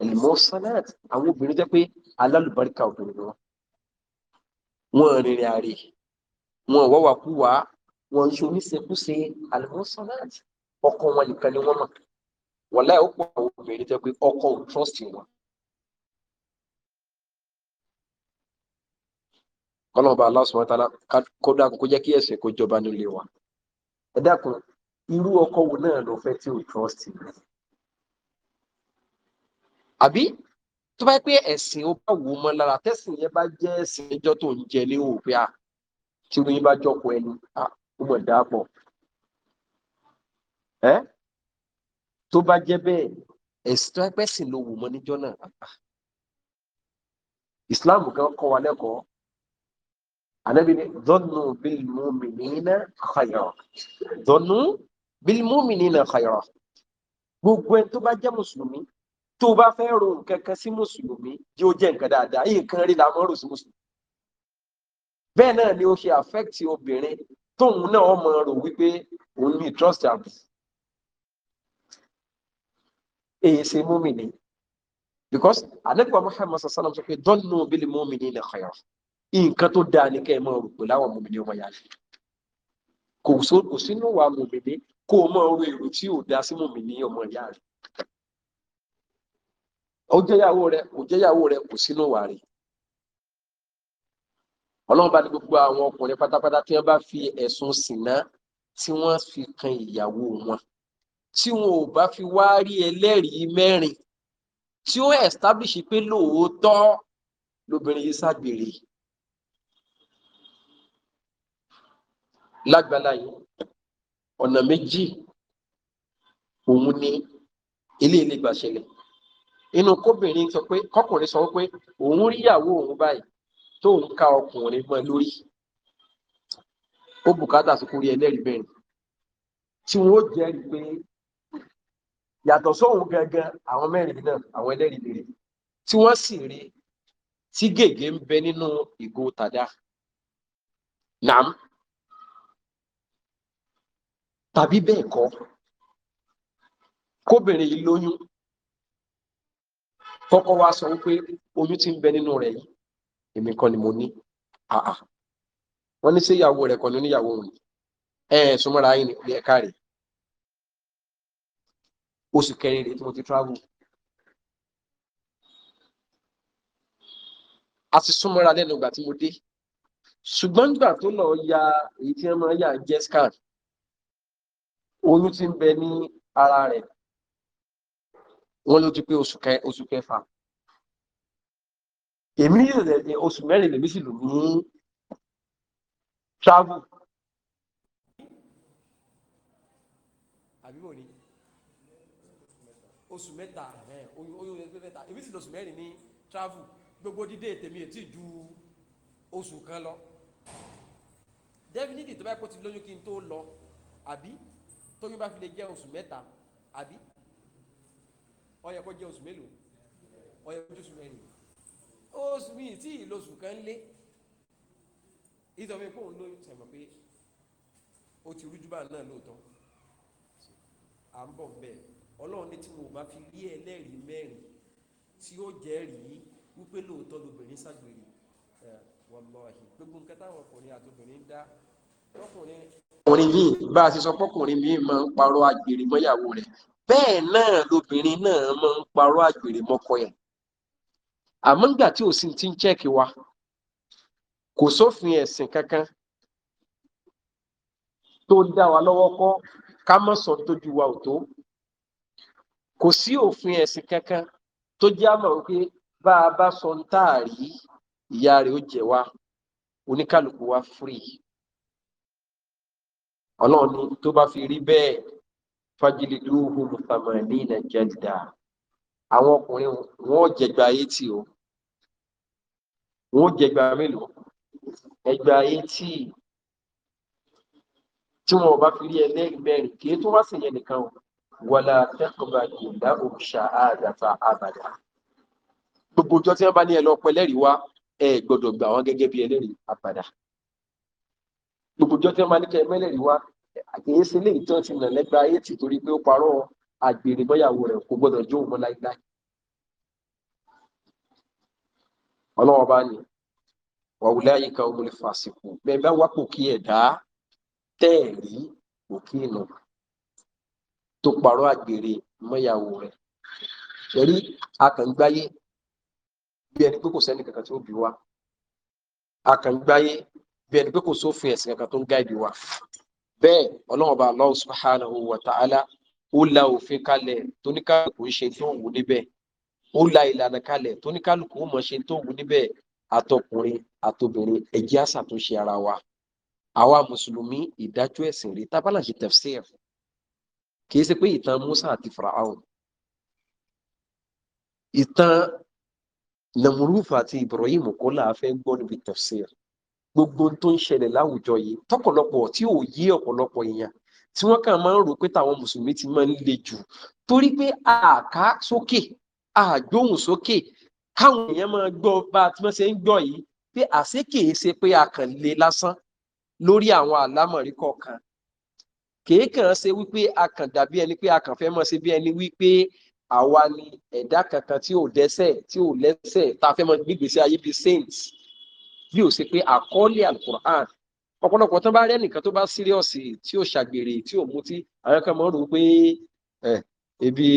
ẹ̀lìmọ́ sanat àwọn obìnrin jẹ́ pé alálùbáríkà obìnrin wọn wọn rìnrìn àrè wọn wọ́wà kú wàá wọn ṣe oníṣekúṣe alimusanat ọkọ wọn nìkan ni wọn mọ wọn láì ó pọ̀ àwọn obìnrin tẹ pé ọkọ ò trust wọn. kọlọmọba aláṣọ wọn tala kó dákun kó jẹ́ kí ẹsẹ kó jọba nílé wa ẹ dákun irú ọkọ wo náà ló fẹ́ tí ò trust rẹ àbí tó bá yẹ pé ẹ̀sìn ó bá wò ó mọ́ lára tẹ̀sìn yẹn bá jẹ́ ẹ̀sìn ẹjọ́ tó ń jẹ léwò pé à tí oyin bá jọkọ ẹni ó mọ̀ dá pọ̀ ẹ́ tó bá jẹ́ bẹ́ẹ̀ ẹ̀sìn tó ẹgbẹ́ sì ló wù mọ́ níjọ́ náà ìsìláàmù kan kọ́ wa lẹ́kọ̀ọ́ ànábi ni dọ́nù bílmùmìnínà khayra dọ́nù bílmùmìnínà khayra gbogbo ẹni tó bá jẹ́ mùsùlùmí tó bá fẹ́ ro nǹkan kan sí mùsùlùmí yóò jẹ́ nǹkan dáadáa yìí kan rí la mọ́ rò sí mùsùlùmí bẹ́ẹ̀ náà ni ó ṣe àfẹ́kìtì obìnrin tóun náà ọmọ rò wípé òun ní trust àbù èyí ṣe múmi ni because anagba Muhammad sasana sọ pé dọ́nù bílí múmi ní ilẹ̀ khayr nǹkan tó dáa ní kẹ́ ẹ máa rò pé láwọn múmi ní ọmọ yá ni kò sínú wa múmi ní kó o máa ro èrò tí ò dá sí múmi ní ọmọ yá rẹ ó jẹ́yàwó rẹ kò jẹ́yàwó rẹ kò sínú wa rẹ̀ ọlọ́run bá ní gbogbo àwọn ọkùnrin pátápátá tí wọ́n bá fi ẹ̀sùn sìnà tí wọ́n fi kan ìyàwó wọn tí wọn ò bá fi wá rí ẹlẹ́rìí mẹ́rin tí ó establish pé lóòótọ́ lóbìnrin yìí ságbèrè lágbàlá yìí ọ̀nà méjì òun ni eléyìí lè gbà ṣẹlẹ̀ inú kóbìnrin sọ pé kọkùnrin sọ pé òun rí ìyàwó òun báyìí tó ń ka ọkùnrin mọ́ lórí ó bùkátà sí kórí ẹlẹ́rìí bẹ́ẹ̀ tí wọ́n jẹ́rìí pé yàtọ̀ sóhun gangan àwọn mẹ́rin náà àwọn ẹlẹ́rìí bèrè tí wọ́n sì rí tí gègé ń bẹ nínú ìgò tàdá nàám tàbí bẹ́ẹ̀ kọ́ kóbìnrin yìí lóyún kọ́kọ́ wá sọ wípé oyún ti ń bẹ nínú rẹ̀ yìí èmi kọ́ ni mo ní àà wọ́n ní sí ìyàwó rẹ̀ kọ́ ni oníyàwó òun ẹ̀ ẹ̀ súnmọ́ra yín ní ẹ̀ka rẹ̀ oṣù kẹrin rẹ̀ tí mo ti travel a ti súnmọ́ra lẹ́nu ìgbà tí mo dé ṣùgbọ́n nígbà tó lọ ya èyí tí wọ́n máa yà jẹ́ scan oyún ti ń bẹ ní ara rẹ̀ wọ́n ló ti pé oṣù kẹfà èmi oṣù mẹ́rin lèmi sì lò ní travel. àbíwò ni oṣù mẹ́ta oyún ẹgbẹ́ mẹ́ta èmi sì lò oṣù mẹ́rin ní travel gbogbo dídé tèmi ètí ju oṣù kan lọ definitely tó bá kó ti lóyún kí n tó lọ àbí tóyún bá fi lè jẹ́ oṣù mẹ́ta àbí ó yẹ kó jẹ́ oṣù mélòó ó jẹ́ oṣù mẹ́rin oṣù bíi tí ìlóṣù kan lé ìtọ́fẹ́ kóun ló sẹ̀mọ̀ pé ó ti rújú bá náà lóòótọ́ à ń bọ̀ bẹ́ẹ̀ ọlọ́run ní tí mo bá fi rí ẹlẹ́rìí mẹ́rin tí ó jẹ́rìí wípé lóòótọ́ lobìnrin ságbèrè wàlọ́ọ̀hì gbogbo nǹkan táwọn ọkùnrin àtobìnrin dá lọ́kùnrin. ọkùnrin yìí bá a ti sọ pọ́kùnrin mi máa ń parọ́ àgbèrè mọ́yàwó rẹ̀ bẹ́ẹ̀ náà lobìnrin náà máa ń parọ́ àgbèrè mọ́kọ yẹn àmọ́ nígbà tí òsì ti ń chẹ́ẹ̀kì wa kò sófin ẹ̀sìn kankan tó dá wa lọ́wọ́ kọ́ ká mọ̀ sọ tójú wa ò tó kò sí òfin ẹ̀sìn kankan tó jẹ́ àmọ̀ wípé bá a bá sọ ń tà rí ìyá rẹ̀ ó jẹ wá oníkálukú wa free ọlọ́run ní tó bá fi rí bẹ́ẹ̀ fagilidúhùn mùsàmánì nàìjíríà àwọn ọkùnrin wọn jẹgba ayé tì o wọn ó jẹ ẹgbàá mélòó ẹgbàá etí tí wọn bá fi rí ẹlẹ́rìí mẹ́rin kì í tún wá sí yẹn nìkan o wàlá tẹ́kọ̀ọ́bà ìdá òòṣà àdàtà àbàdà gbogbo ọjọ́ tí wọ́n bá ní ẹ lọ pẹ́ lẹ́rìí wá ẹ gbọ́dọ̀ gbà wọ́n gẹ́gẹ́ bí ẹlẹ́rìí àbàdà gbogbo ọjọ́ tí wọ́n bá ní kẹ́ mẹ́lẹ́rìí wá àkèyé sí ilé ìtàn ti nà lẹ́gbàá ayé tì torí pé ó parọ́ àgbèrè bọ́yàwó rẹ̀ kò gbọ́dọ̀ jó òun láíláí ọlọ́wọ́ bá ní wàhùlẹ́ àyíká omole fàṣíkù bẹ́ẹ̀ bá wá pòkí ẹ̀dá tẹ́ẹ̀rí òkè nù tó parọ́ àgbèrè mọ́yàwó rẹ̀ ṣẹ̀rí akàngbáyé bí ẹni pé kò sẹ́ni kankan tí ó bí wa akàngbáyé bí ẹni pé kò sófin ẹ̀sìn kankan tó ń gáìdì wa bẹ́ẹ̀ ọlọ́run bá Allah subhanahu wa ta'ala ó la òfin kalẹ̀ tó kò ń ṣe tó ń wò níbẹ̀ ó la ìlànà kalẹ̀ tó ní kálukú ó mọ̀ ṣe tó wù níbẹ̀ àtọkùnrin àtobìnrin ẹ̀jẹ̀ àṣà tó ṣe ara wa àwa mùsùlùmí ìdájọ́ ẹ̀sìn rí tábàlà ṣe tafsir kì í ṣe pé ìtàn Musa àti Firaun ìtàn nàmúrúfà àti Ibrahim kọ́ là á fẹ́ gbọ́ níbi tafsir gbogbo tó ń ṣẹlẹ̀ láwùjọ yìí tọ́pọ̀lọpọ̀ tí ò yé ọ̀pọ̀lọpọ̀ èèyàn tí wọ́n kàn máa ń rò pé táwọn mùsùlùmí ti máa ń le jù torí pé àká sókè àgbóhùn sókè káwọn èèyàn máa gbọ́ bá a ti máa ṣe ń gbọ́ yìí pé àṣé kìí ṣe pé a kàn lè lásán lórí àwọn àlámọ̀rí kọ̀ọ̀kan kìí kàn ṣe wípé a kàn dàbí ẹni pé a kàn fẹ́ máa ṣe bí ẹni wípé àwa ni ẹ̀dá kankan tí ò dẹ́ṣẹ̀ tí ò lẹ́ṣẹ̀ tá a fẹ́ máa gbígbèsè ayé bíi saints bí ó ṣe pé àkọọ́lẹ̀ alukur'an ọ̀pọ̀lọpọ̀ tó bá rẹ́ nìkan tó bá sírìọ̀sì tí ò ṣàgbèrè tí ò mutí àwọn kan máa rò pé ebi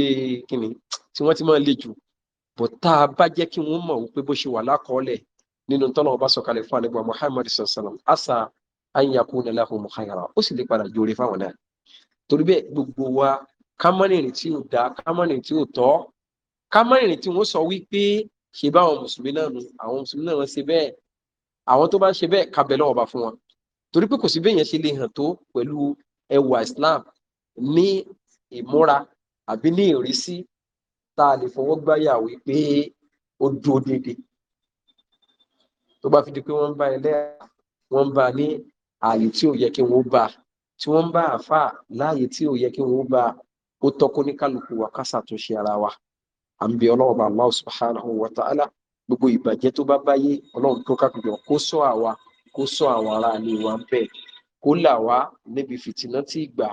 kìnnì tí wọ́n ti máa le jù bọ̀ tá a bá jẹ́ kí wọ́n mọ̀ wípé bó ṣe wà lákọọ́lẹ̀ nínú tọ́nà ọba sọ̀kalẹ̀ fún àlẹ́gbà Muhammad sallam asa anyaku nalahu muhayyara ó sì lè padà jóore fáwọn náà torí bẹ́ẹ̀ gbogbo wa kámánìrìn tí ò dá kámánìrìn tí ò tọ́ kámánìrìn tí wọ́n sọ wípé ṣe bá àwọn mùsùlùmí náà nu àwọn mùsùlùmí náà ṣe bẹ́ẹ̀ àwọn tó bá ṣe bẹ́ẹ̀ kábẹ́ lọ́wọ́ bá fún wọn torí pé kò sí bẹ́ẹ̀ yẹn ṣe lè hàn tó pẹ̀lú ẹwà Islam ní ìmúra àbí ní ìrísí tá a lè fọwọ́ gbáyà wípé ó dúró déédéé tó bá fi di pé wọ́n ń bá ẹlẹ́yà wọ́n ń bá ní ààyè tí ò yẹ kí wọ́n bá tí wọ́n ń bá àáfàá láàyè tí ò yẹ kí wọ́n bá ó tọ́kọ́ ní kálukú wa ká ṣàtúnṣe ara wa à ń bẹ ọlọ́run bá Allah subhanahu wa ta'ala gbogbo ìbàjẹ́ tó bá báyé ọlọ́run tó kákùjọ kó ṣọ́ àwa kó ṣọ́ àwọn ará ilé wa ń bẹ̀ kó là wá níbi fìtínà tí ìgbà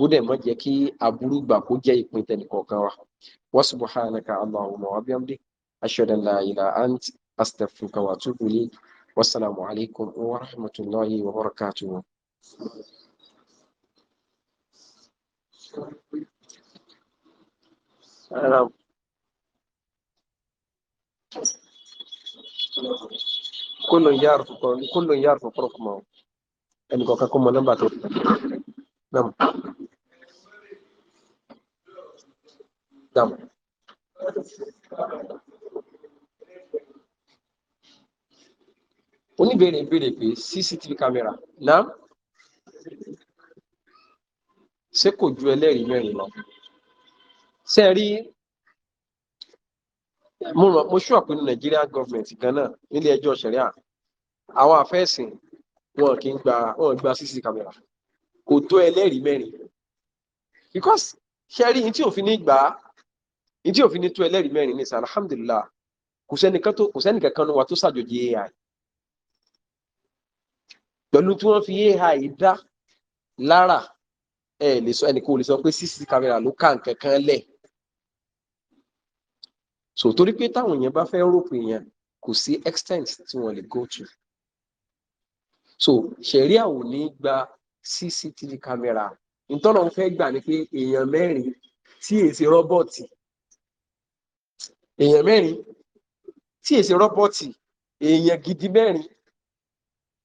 kó dẹ̀ má jẹ́ kí aburú gbà kó jẹ́ ìpín tẹnìkọ̀ọ̀kan wa wa subhanaka allahumma wa bihamdik ashhadu an la ilaha ant astaghfiruka wa atubu ilayk wassalamu alaikum wa rahmatullahi wa barakatuh Hello. كل يعرف كل يعرف رقمه ان كوكا كوما نمبر Dam. Oníbèrè ìbéèrè pé CCTV camera náà ṣé kò ju ẹlẹ́rìí mẹ́rin lọ? Ṣé rí mo rọ̀ mo ṣúwà pé Nàìjíríà gọ́ọ̀mẹ̀ntì gan náà nílé ẹjọ́ ṣẹ̀ríà àwọn àfẹ́sìn wọn kì í gba wọn gba CCTV camera kò tó ẹlẹ́rìí mẹ́rin because ṣe rí ní tí òfin ní gbà ní tí òfin ní tó ẹlẹ́rìí mẹ́rin ní sàn alhamdulillah kò sẹ́ni kankan wa tó ṣàjòjì ai pẹ̀lú tí wọ́n fi ai dá lára ẹ ẹnì kò lè sọ pé cc camera ló ká nǹkan lẹ̀ so torí pé táwọn èèyàn bá fẹ́ rò pé kò sí extent tí wọ́n lè go to so ṣẹ̀ríà ò ní gba cctv camera ìtọ́nà ń fẹ́ gbà ni pé èèyàn mẹ́rin tí èsì rọ́bọ̀tì èèyàn mẹ́rin tí èsì rọ́bọ̀tì èèyàn gidi mẹ́rin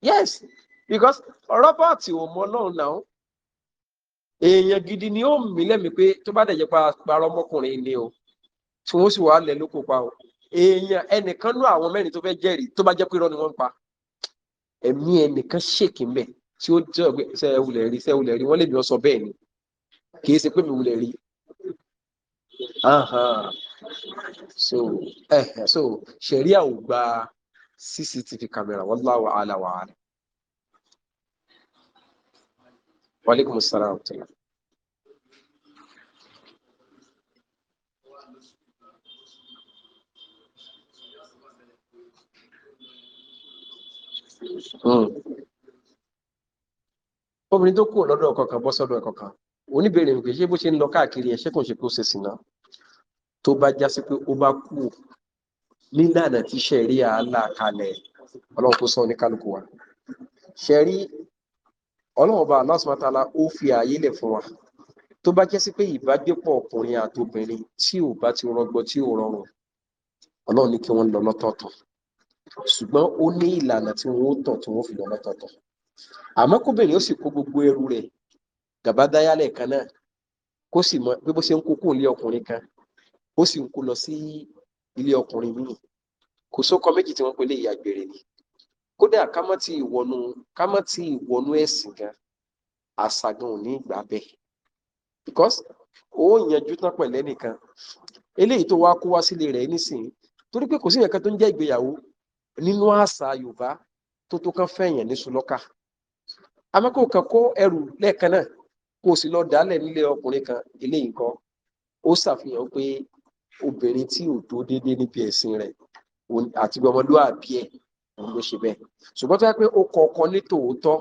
yes because rọ́bọ̀tì ò mọ ọlọ́run náà èèyàn gidi ni ó mí lẹ́mìí pé tó bá dẹ̀ jẹ́ parọ́ ọmọkùnrin ni o tí wọ́n sì wà á lẹ̀ lóko pa o èèyàn ẹnìkan nú àwọn mẹ́rin tó fẹ́ jẹ́rìí tó bá jẹ́ pé irọ́ ni wọ́n ń pa ẹ̀mí ẹnìkan ṣèkì ń bẹ̀ tí ó jẹ́ ọ̀gbẹ́ sẹ́wulẹ̀ rí sẹ́wulẹ̀ rí wọ́n lè bí wọ́n sọ bẹ́ẹ̀ ni kì í ṣe pé mi wulẹ̀ rí so ẹ eh, so ṣẹ̀ríà ò gba cctv camera wallahu ala wa ala. waaleykum salaam wa rahmatulah. Hmm. obìnrin tó kù lọ́dọ̀ ọ̀kọ̀ọ̀kan bọ́ sọ́dọ̀ ọ̀kọ̀ọ̀kan oníbèrè ń pè ṣé bó ṣe ń lọ káàkiri ẹ̀ ṣé kò ń ṣe kó ṣe sí náà tó bá já sí pé ó bá kú nílànà tí ṣẹ̀rí àálà kalẹ̀ ọlọ́run kó sọ ní kálukú wa ṣẹ̀rí ọlọ́run bá aláṣọ àtàlà ó fi ààyè lẹ̀ fún wa tó bá jẹ́ sí pé ìbágbépọ̀ ọkùnrin àtobìnrin tí ò bá ti rọgbọ tí ò rọrùn ọlọ́run ní kí wọ́n lọ lọ́tọ̀ọ̀tọ̀ ṣùgbọ́n ó ní ìlànà tí wọ́n ó tọ̀ tí wọ́n fi lọ lọ́tọ̀ọ̀tọ̀ àmọ́ kóbìnrin ó sì kó gbogbo ẹrù rẹ̀ gàbádáyálẹ̀ kan náà kó sì mọ bí bó ṣe ń kókó lé ọkùnrin kan ó sì ń kó lọ sí ilé ọkùnrin míì kò sókọ méjì tí wọ́n pe léyìí àgbèrè ni kódà ká ìwọnú ká ìwọnú ẹ̀sìn gan àṣà ò ní ìgbà bẹ́ẹ̀ because ó yanjú tán pẹ̀lẹ́ nìkan eléyìí tó wá kó wá sílé rẹ̀ nísìnyí torí pé kò sí ìyẹ̀kan tó ń jẹ́ ìgbéyàwó nínú àṣà Yorùbá tó tó kán fẹ̀yàn ní sulọ́kà amákò kan kó ẹrù lẹ́ẹ̀kan náà kó o sì lọ dálẹ̀ nílé ọkùnrin kan eléyìí kan ó ṣàfihàn pé obìnrin tí ò tó déédéé níbi ẹ̀sìn rẹ̀ àti ọmọlúwàbí ẹ̀ òun ló ṣe bẹ́ẹ̀ ṣùgbọ́n tó yẹ pé ó kọ ọkọ ní tòótọ́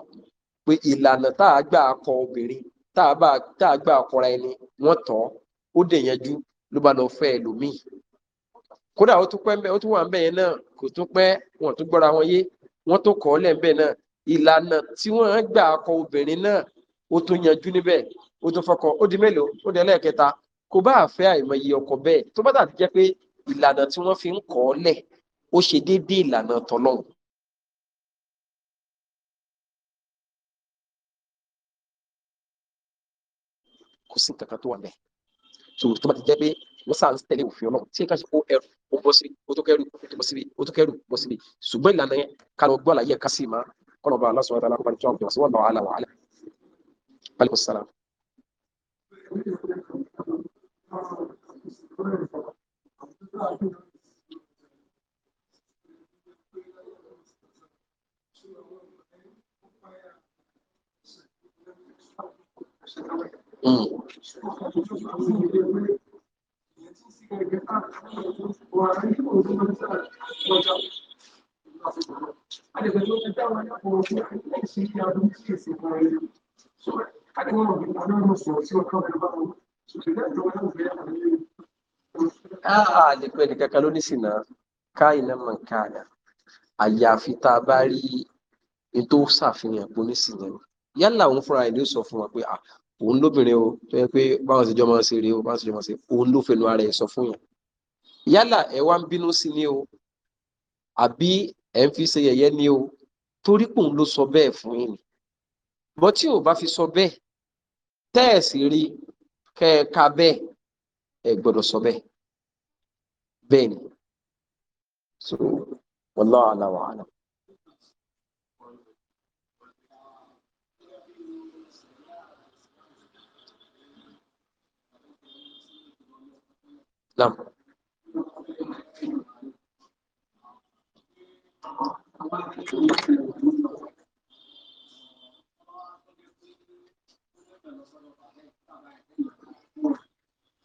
pé ìlànà tá a gbà kọ obìnrin tá a gbà kọra ẹni wọ́n tọ́ ó dẹ̀ yanjú ló bá lọ fẹ́ ẹlòmíì kódà ó tún pẹ́ mbẹ́ ó tún wà mbẹ́ yẹn náà kò tún pẹ́ wọ́n tún gbọ́ra wọn yé wọ́n tó kọ́ lẹ̀ mbẹ́ náà ìlànà tí wọ́n gbà kọ obìnrin náà ó tún yanjú níbẹ̀ ó tún fọkọ ó di mélòó ó di ẹlẹ́ẹ̀kẹta kò bá àfẹ́ àìmọye ọkọ bẹ́ẹ̀ tó bá dàbí jẹ́ pé ìlànà tí wọ́n fi ń kọ́ ọ lẹ̀ ó ṣe déédéé ìlànà tọ́lọ́hùn. kò sí nǹkan kan tó wà bẹ́ẹ̀ tó tó bá ti jẹ́ pé wọ́n sáà ń tẹ̀lé òfin ọlọ́run tí nǹkan ṣe kó ẹrù ó bọ́ síbi ó tó kẹrù ó bọ́ síbi ó tó kẹrù bọ́ síbi ṣùgbọ́n ìlànà yẹn ká lọ gbọ́ àlàyé ẹ̀ka sí ma kọ́nà bá aláṣọ àtàlà kọ́nà tó àwọn ìjọba sí wọn lọ àlà wàhálà. So I don't know if I don't know so it's your company about so that the one who Ah, lè pẹ́ ní kankan ló ní sìnà ká iná mọ̀ ká àyà àyàfi tá a bá rí ní tó ṣàfihàn pé ní sìnà yálà òun fúnra ẹ̀ ló sọ fún wa pé à òun lóbìnrin o tó yẹ pé báwọn ṣèjọ máa ń ṣe rèé o báwọn ṣèjọ máa ń ṣe òun ló fẹnu ara ẹ̀ sọ fún yàn yálà ẹ wá ń bínú sí ni o àbí ẹ ń fi ṣe yẹ̀yẹ́ ni o torí pòun ló sọ bẹ́ẹ̀ fún yín ni bọ́ ò bá fi sọ bẹ́ẹ̀ tẹ́ẹ̀sì rí kẹ́ẹ̀ka bẹ́ẹ̀ ẹ gbọ́dọ̀ sọ bẹ́ẹ̀ bẹ́ẹ̀ ni so wallahu alahu alam. نعم Thank you.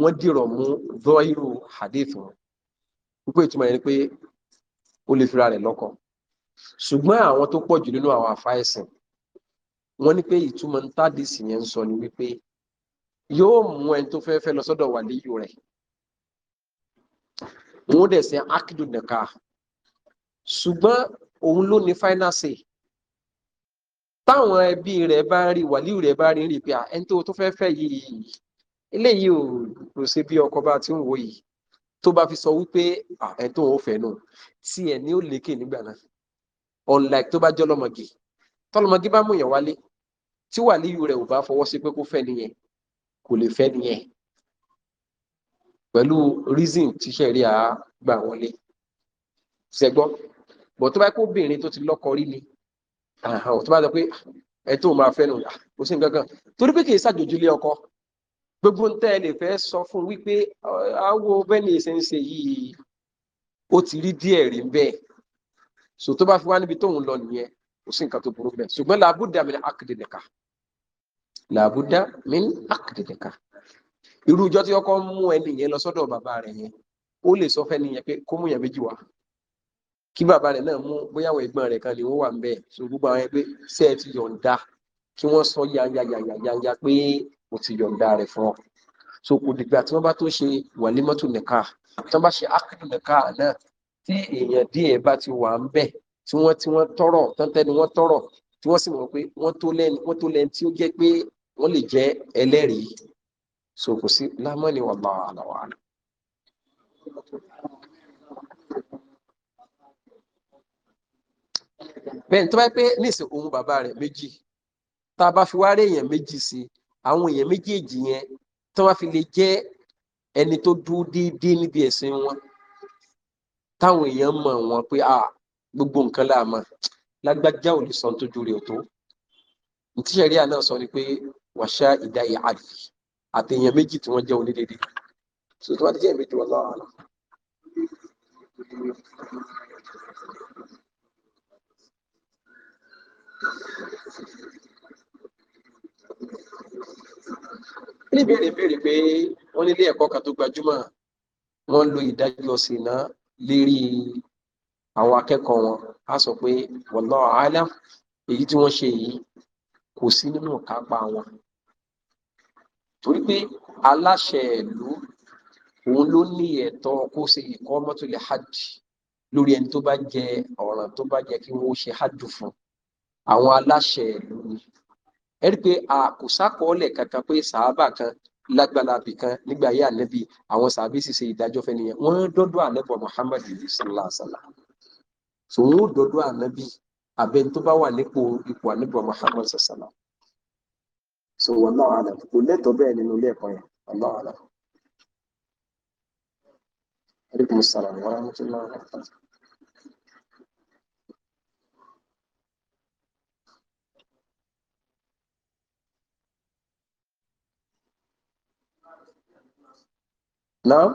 wọ́n dìrọ̀ mú zọ́ìrù hadith wọn wípé ìtumọ̀ yẹn ni pé ó lè fira rẹ̀ lọ́kọ ṣùgbọ́n àwọn tó pọ̀ jù nínú àwọn àfáìsìn wọ́n ní pé ìtumọ̀ ń tádìsì yẹn ń sọ ni wípé yóò mú ẹni tó fẹ́ fẹ́ lọ sọ́dọ̀ wà léyò rẹ̀ wọ́n dẹ̀ ṣe ákìdù nìka ṣùgbọ́n òun ló ní final táwọn ẹbí rẹ̀ bá rí wàlíù rẹ̀ bá rí rí pé ẹni tó fẹ́ fẹ́ yìí eléyìí ò rò ṣe bí ọkọ bá ti ń wò yìí tó bá fi sọ wípé ẹ tó ń fẹ́ náà tí ẹ ní ó lékè nígbà náà unlike tó bá jẹ́ ọlọ́mọge tọ́lọ́mọge bá mú yàn wálé tí wàlíyù rẹ̀ ò bá fọwọ́ sí pé kó fẹ́ nìyẹn kò lè fẹ́ nìyẹn pẹ̀lú reason tíṣẹ́ rí a gbà wọlé ṣẹgbọ́n bọ̀ tó bá kó obìnrin tó ti lọ́kọ rí ni tó bá sọ pé ẹ tó máa fẹ́ nù kò sí nǹkan kan torí pé kì í ṣàjòjì lé ọkọ gbogbo ń tẹ́ ẹ lè fẹ́ sọ fún wípé àwo bẹ́ẹ̀ni ìṣẹ̀ǹṣẹ̀ yìí ó ti rí díẹ̀ rí bẹ́ẹ̀ so tó bá fi wá níbi tóun lọ nìyẹn kò sí nǹkan tó burú bẹ́ẹ̀ ṣùgbọ́n làbúdà mi àkìdìdìkà làbúdà mi àkìdìdìkà irú ìjọ tí ọkọ mú ẹni yẹn lọ sọ́dọ̀ bàbá rẹ̀ yẹn ó lè sọ fẹ́ni yẹn pé kó mú yẹn méjì wá kí bàbá rẹ̀ náà mú bóyá àwọn ẹ̀gbọ́n rẹ̀ kan ni wọ́n wà ń bẹ̀ so gbogbo àwọn ẹgbẹ́ sẹ́ẹ̀ ti yọ̀ǹda kí wọ́n sọ yanyanyanyanya pé mo ti yọ̀ǹda rẹ̀ fún ọ so kò dìgbà tí wọ́n bá tó ṣe wàlímọ́tò nìka tí wọ́n bá ṣe ákìlù nìka náà tí èèyàn díẹ̀ bá ti wà ń bẹ̀ tí wọ́n tí wọ́n tọrọ tọ́ntẹ́ni wọ́n tọrọ tí wọ́n sì mọ̀ pé wọ́n tó lẹ́ni wọ́n tó lẹ́ni tí ó jẹ́ pé wọ́n lè jẹ́ ẹlẹ́rìí so kò sí lámọ́ ni wallahu a'lam. bẹ́ẹ̀ ni tó bá pẹ́ nísìnyí òun bàbá rẹ̀ méjì tá a bá fi wá rí èèyàn méjì sí i àwọn èèyàn méjèèjì yẹn tó bá fi lè jẹ́ ẹni tó dúró déédéé níbi ẹ̀sìn wọn táwọn èèyàn mọ̀ wọn pé a gbogbo nǹkan là mọ̀ lágbájá ò lè sọ tójú rẹ̀ tó ntíṣẹ̀ríà náà sọ ni pé wàṣà ìdáyà àdì àti èèyàn méjì tí wọ́n jẹ́ onídéédéé so tó bá ti jẹ́ ìmẹ́jọ ọlọ́run àná. Thank you ní béèrè béèrè pé wọ́n nílé ẹ̀kọ́ kan tó gbajúmọ̀ wọ́n lo ìdájọ́ sí iná lérí àwọn akẹ́kọ̀ọ́ wọn á sọ pé wallahu alam èyí tí wọ́n ṣe yìí kò sí nínú ìkápá wọn torí pé aláṣẹ ìlú òun ló ní ẹ̀tọ́ kó ṣe ìkọ́ mọ́tò lè hajj lórí ẹni tó bá jẹ ọ̀ràn tó bá jẹ kí wọ́n ṣe hajj fún àwọn aláṣẹ ìlú ni ẹ rí i pé a kò sákọọ́lẹ̀ kankan pé sàábà kan lágbára bìkan nígbà ayé ànẹ́bí àwọn sàábì sì ṣe ìdájọ́ fẹ́ nìyẹn wọ́n dọ́dọ̀ ànẹ́bọ̀ Muhammad sallallahu alaihi wasallam so wọ́n dọ́dọ̀ ànẹ́bí abẹ́ tó bá wà nípò ipò ànẹ́bọ̀ Muhammad sallallahu so wallahu alam kò lẹ́tọ̀ọ́ bẹ́ẹ̀ nínú ilé ẹ̀kọ́ yẹn wallahu alam. Alaikum salaam wa rahmatullahi wa barakatuh. Now?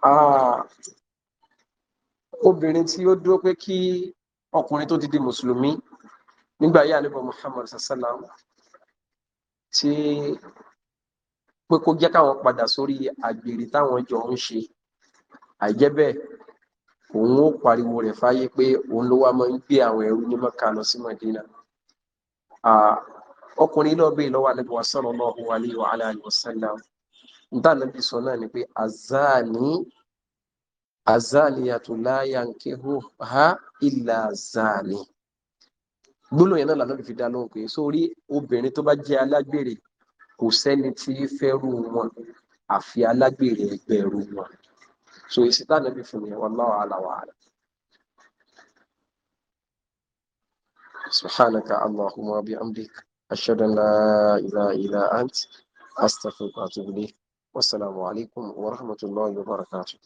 Ah. obìnrin tí ó dúró pé kí ọkùnrin tó ti di mùsùlùmí nígbà yí àníbọ̀ Muhammad sasala tí pé kó jẹ́ káwọn padà sórí àgbèrè táwọn jọ ń ṣe àìjẹ́ bẹ́ẹ̀ òun ó pariwo rẹ̀ fáyé pé òun ló wá máa ń gbé àwọn ẹrú ní mọ́kà lọ sí mọ̀dínà ọkùnrin náà bẹ́ẹ̀ lọ́wọ́ àlẹ́bí wa sallallahu alaihi wa alihi wa sallam níta sọ náà ni pé azani azaniyatu la yankihuha illa zani gbólóyìn náà lànà fi dá lóhùn pé sórí obìnrin tó bá jẹ́ alágbèrè kò sẹ́ni tí so èsì táwọn ẹbí fún mi wallahu ala wa ala. سبحانك اللهم وبحمدك أشهد أن لا إله إلا أنت أستغفرك وأتوب إليك والسلام عليكم ورحمة الله وبركاته